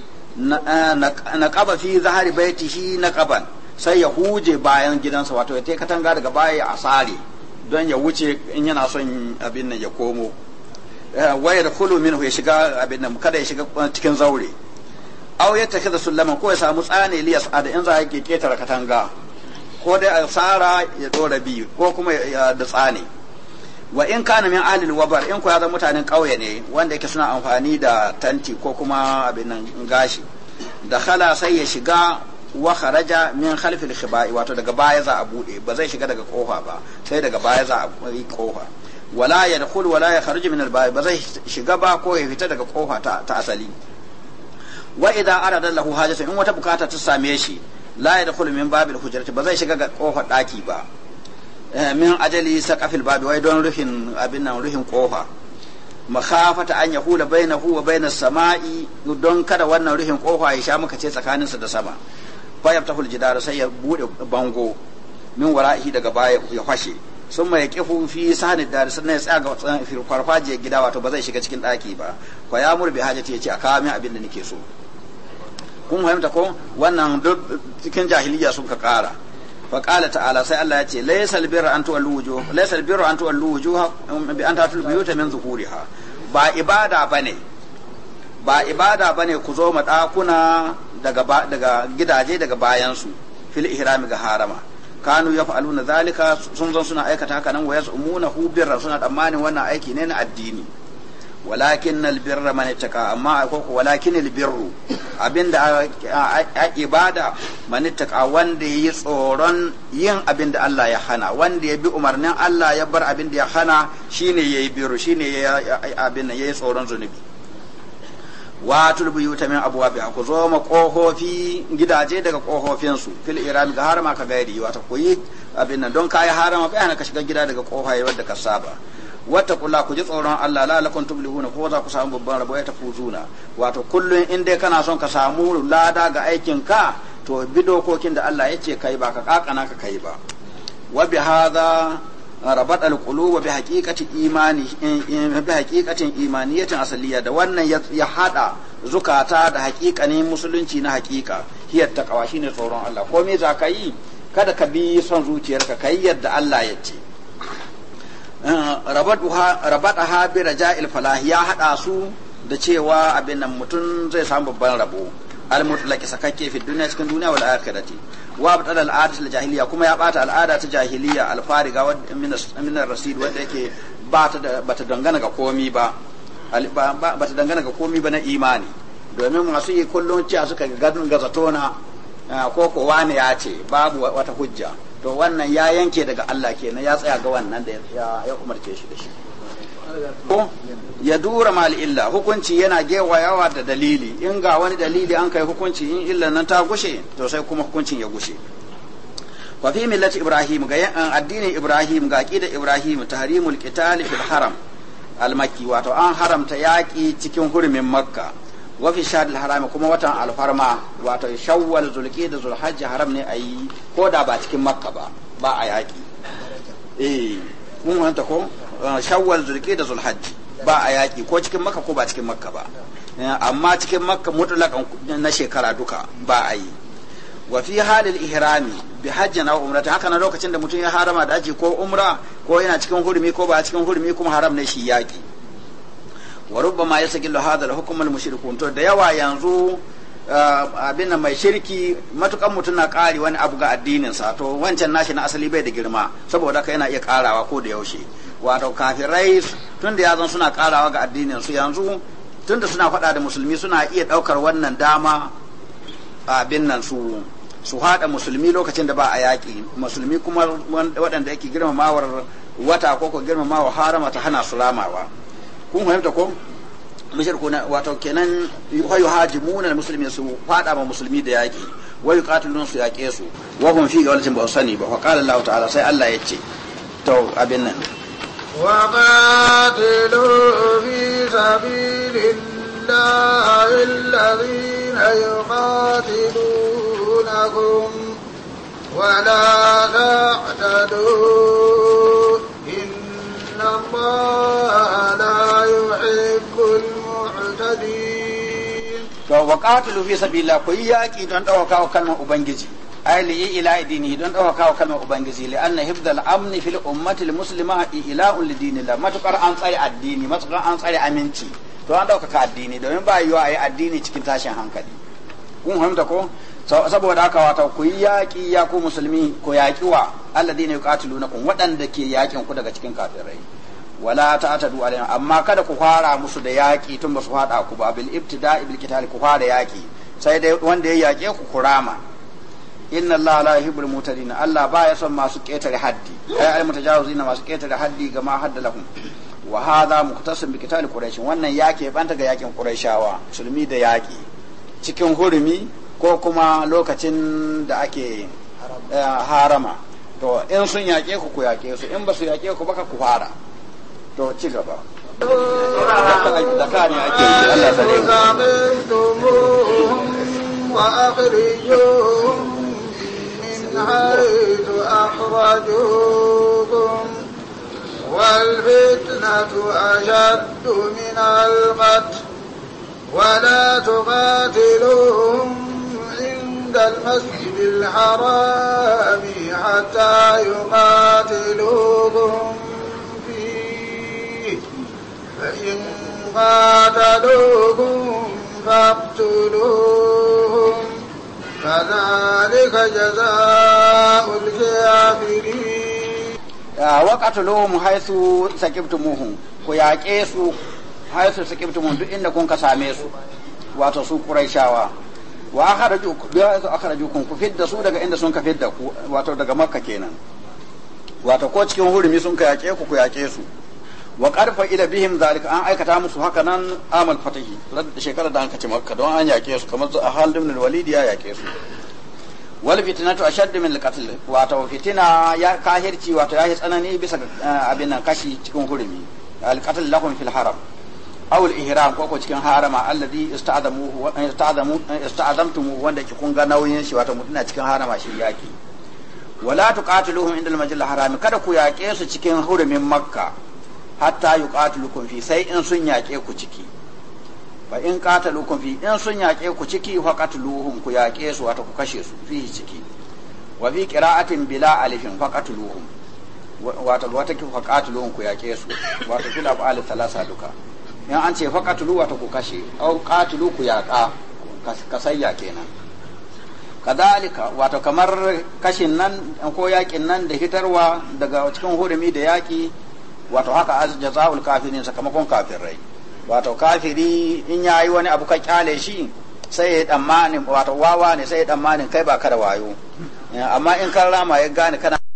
na eh, qaba fi zahari baitihi na qaban sai ya huje bayan gidansa wato ya katanga daga baya a sare don ya wuce in yana son abin nan ya komo eh, waya da kulu minhu ya shiga abin nan kada ya shiga eh, cikin zaure aw ya tafi da sullaman ko ya samu tsane liyas a da in za a ketare katanga ko dai a tsara ya dora biyu ko kuma da tsane wa in kana min alil wabar in ko ya zama mutanen kauye ne wanda yake suna amfani da tanti ko kuma abin nan gashi da khala sai ya shiga wa kharaja min khalfi al-khiba'i wato daga baya za a bude ba zai shiga daga kofa ba sai daga baya za a yi kofa wala yadkhul wala yakhruj min al-ba'i ba zai shiga ba ko ya fita daga kofa ta, ta asali wa idza arada lahu hajatun in wata bukata ta same shi la yadkhul min babil hujrati ba zai shiga ga kofar daki ba eh, min ajali saqafil babi wai don ruhin abin nan ruhin kofa makhafata an yahula bainahu wa bainas sama'i don kada wannan ruhin kofa ya sha maka ce tsakaninsa da sama fa yaftahul jidara sai ya bude bango min wara'ihi daga baya ya fashe sun mai kifu fi sahani da sannan ya tsaya ga farfajiyar gida wato ba zai shiga cikin ɗaki ba ko ya murbi hajjati ya ce a kawo min abin da nake so kun fahimta ko wannan duk cikin jahiliya sun ka ƙara fa qala ta'ala sai Allah ya ce laysal birra an tu'allu wujuh laysal birra an tu'allu wujuh bi an tatul biyuta min zuhuriha ba ibada bane ba ibada bane ku zo ma dakuna daga daga gidaje daga bayansu fil ihrami ga harama kanu ya yaf'aluna zalika sun zan suna aikata haka nan waya umuna hu birra suna tsammanin wannan aiki ne na addini walakin albirra man ittaka amma ko walakin albirru abinda a ibada man ittaka wanda yi tsoron yin abinda Allah ya hana wanda ya bi umarnin Allah ya bar abinda ya hana shine yayi birru shine yayi abin yayi tsoron zunubi watul buyuta min biya ku zo ma kohofi gidaje daga kohofinsu fil iram ga harama ka gairi wata ku yi abin nan don kayi harama kai hana ka shiga gida daga kohaye wadda ka saba wata kula ku ji tsoron Allah la lakum tublihuna ko za ku samu babban rabo ya tafuzuna wato kullun in dai kana son ka samu lada ga aikin ka to bi dokokin da Allah ya kai ba ka kakana ka kai ba wa bi hadha rabat alquluba bi haqiqati imani eh, bi haqiqatin imaniyatin da wannan ya hada zukata da haqiqanin musulunci na haqiqa hiya taqwa shine tsoron Allah ko me zaka yi kada ka bi son zuciyarka kai yadda Allah ya ce eh, rabataha bi raja'il falah ya hada su da cewa abin nan mutum zai samu babban rabo al mutlaqi sakakke fi dunya cikin duniya wal akhirati wa batal al'ada ta jahiliya kuma ya bata al'ada ta jahiliya alfariga wadda min rasid wadda yake bata dangana ga komi ba bata dangana ga komi ba na imani domin masu yi kullum cewa suka zato na ko ko wani ya ce babu wata hujja to wannan ya yanke daga Allah kenan ya tsaya ga wannan da ya umarce shi da shi ko ya dura mal illa hukunci yana gewayawa da dalili in ga wani dalili an kai hukunci in illa nan ta gushe to sai kuma hukuncin ya gushe wa fi millati ibrahim ga addinin ibrahim ga aqida ibrahim tahrimul qital fil haram al makki wato an haramta yaki cikin hurumin makka wa fi shadil harami kuma watan al alfarma wato shawwal zulqa'da zulhajj haram ne ayi ko da ba cikin makka ba ba a yaki eh mun hanta ko shawwal zurki da zulhajj ba a yaƙi ko cikin makka ko ba cikin makka ba amma cikin makka mutlaqan na shekara duka ba a yi wa fi halil ihrami bi hajjin aw umrata haka na lokacin da mutum ya harama da aji ko umra ko yana cikin hurumi ko ba cikin hurumi kuma haram ne shi yaƙi wa rubbama yasqillu hadha al-hukm al-mushrikun to da yawa yanzu abin mai shirki matukan mutum na kare wani abu ga addinin sa to wancan nashi na asali bai da girma saboda haka yana iya karawa ko da yaushe wato kafirai tun da ya zan suna karawa ga addinin su yanzu tun da suna faɗa da musulmi suna iya ɗaukar wannan dama abin nan su su haɗa musulmi lokacin da ba a yaƙi musulmi kuma waɗanda yake girmamawar wata ko ko girmamawar harama ta hana su ramawa kun fahimta ko ko wato kenan yuhajimuna musulmi su fada ma musulmi da yaƙi wa yuqatilun su yaƙe su wa hum fi gawlatin ba sani ba wa qala Allah ta'ala sai Allah ya ce to abin nan وقاتلوا في سبيل الله الذين يقاتلونكم ولا تعتدوا إن الله لا يحب المعتدين وقاتلوا في سبيل الله كي يأتي أن أوكاو كلمة أبنجي ay li ila dini don dauka wa kalmar ubangiji li anna hifdal amni fil ummati al muslima ila'un li la matukar an tsare addini matukar an tsare aminci to an dauka addini domin ba yiwa ayi addini cikin tashin hankali kun fahimta ko saboda haka wato ku yi yaƙi ya ku musulmi ku yaƙi wa alladina yuqatilunakum waɗanda ke yaƙin ku daga cikin kafirai wala ta'tadu alaihim amma kada ku fara musu da yaƙi tun ba su fada ku ba bil ibtida'i bil qital ku fara yaƙi sai dai wanda ya yaƙe ku kurama inna Allah la yuhibbul mutadin Allah baya son masu ketare haddi ay al mutajawizin masu ketare haddi ga ma hadda lahum wa hadha muqtasim bi qital quraish wannan yake banta ga yakin quraishawa sulmi da yaki cikin hurumi ko kuma lokacin da ake eh, harama to in sun yake ku ku yake su in ba su yake ku baka ku fara to ci gaba da kane ake ku وأخرجوهم حيث أخرجوكم والفتنة أشد من القتل ولا تقاتلوهم عند المسجد الحرام حتى يقاتلوكم فيه فإن قاتلوكم فاقتلوهم كذلك جزاء الكافرين وقتلوهم حيث سكبتموهم ويعكي su haisu su kibtumun duk inda kun same su wato su quraishawa wa akhraju akhrajukum ku fidda su daga inda sun ka fidda wato daga makka kenan wato ko cikin hurumi sun ka yake ku ku yake su wa karfa ila bihim zalika an aikata musu haka nan amal fatahi shekarar da an kace makka don an yake su kamar a halin ibn walid ya yake su wal fitnatu ashaddu min al-qatl wato fitina ya kahirci wato ya tsanani bisa eh, abin nan kashi cikin hurumi al-qatl lahum fil haram aw al-ihram ko ko cikin harama alladhi ista'adamuhu ista'adamu ista'adamtumu wanda ki kun ga nauyin shi wato mutuna cikin harama shi yaki wala tuqatiluhum inda al-majl harami kada ku yaƙe su cikin hurumin makka hatta yuqatilukum fi sai in sun yaƙe ku ciki fa in qatalukum fi in sun yaƙe ku ciki fa qatluhum ku yaƙe su wata ku kashe su fi ciki wa fi qira'atin bila alifin fa qatluhum wata wata ki fa ku yaƙe su wata fil alif thalasa duka in an ce fa qatlu wata ku kashe au qatlu ku yaƙa kasayya kenan kadhalika wato kamar kashin nan ko yakin nan da hitarwa daga cikin hurumi da yaki. wato haka az jazaul kafirin sakamakon kafirai wato kafiri in yayi wani abu ka kyale shi sai ya tsammanin wato wawa ne sai ya tsammanin kai ba ka da wayo eh, amma in kan rama ya gane kana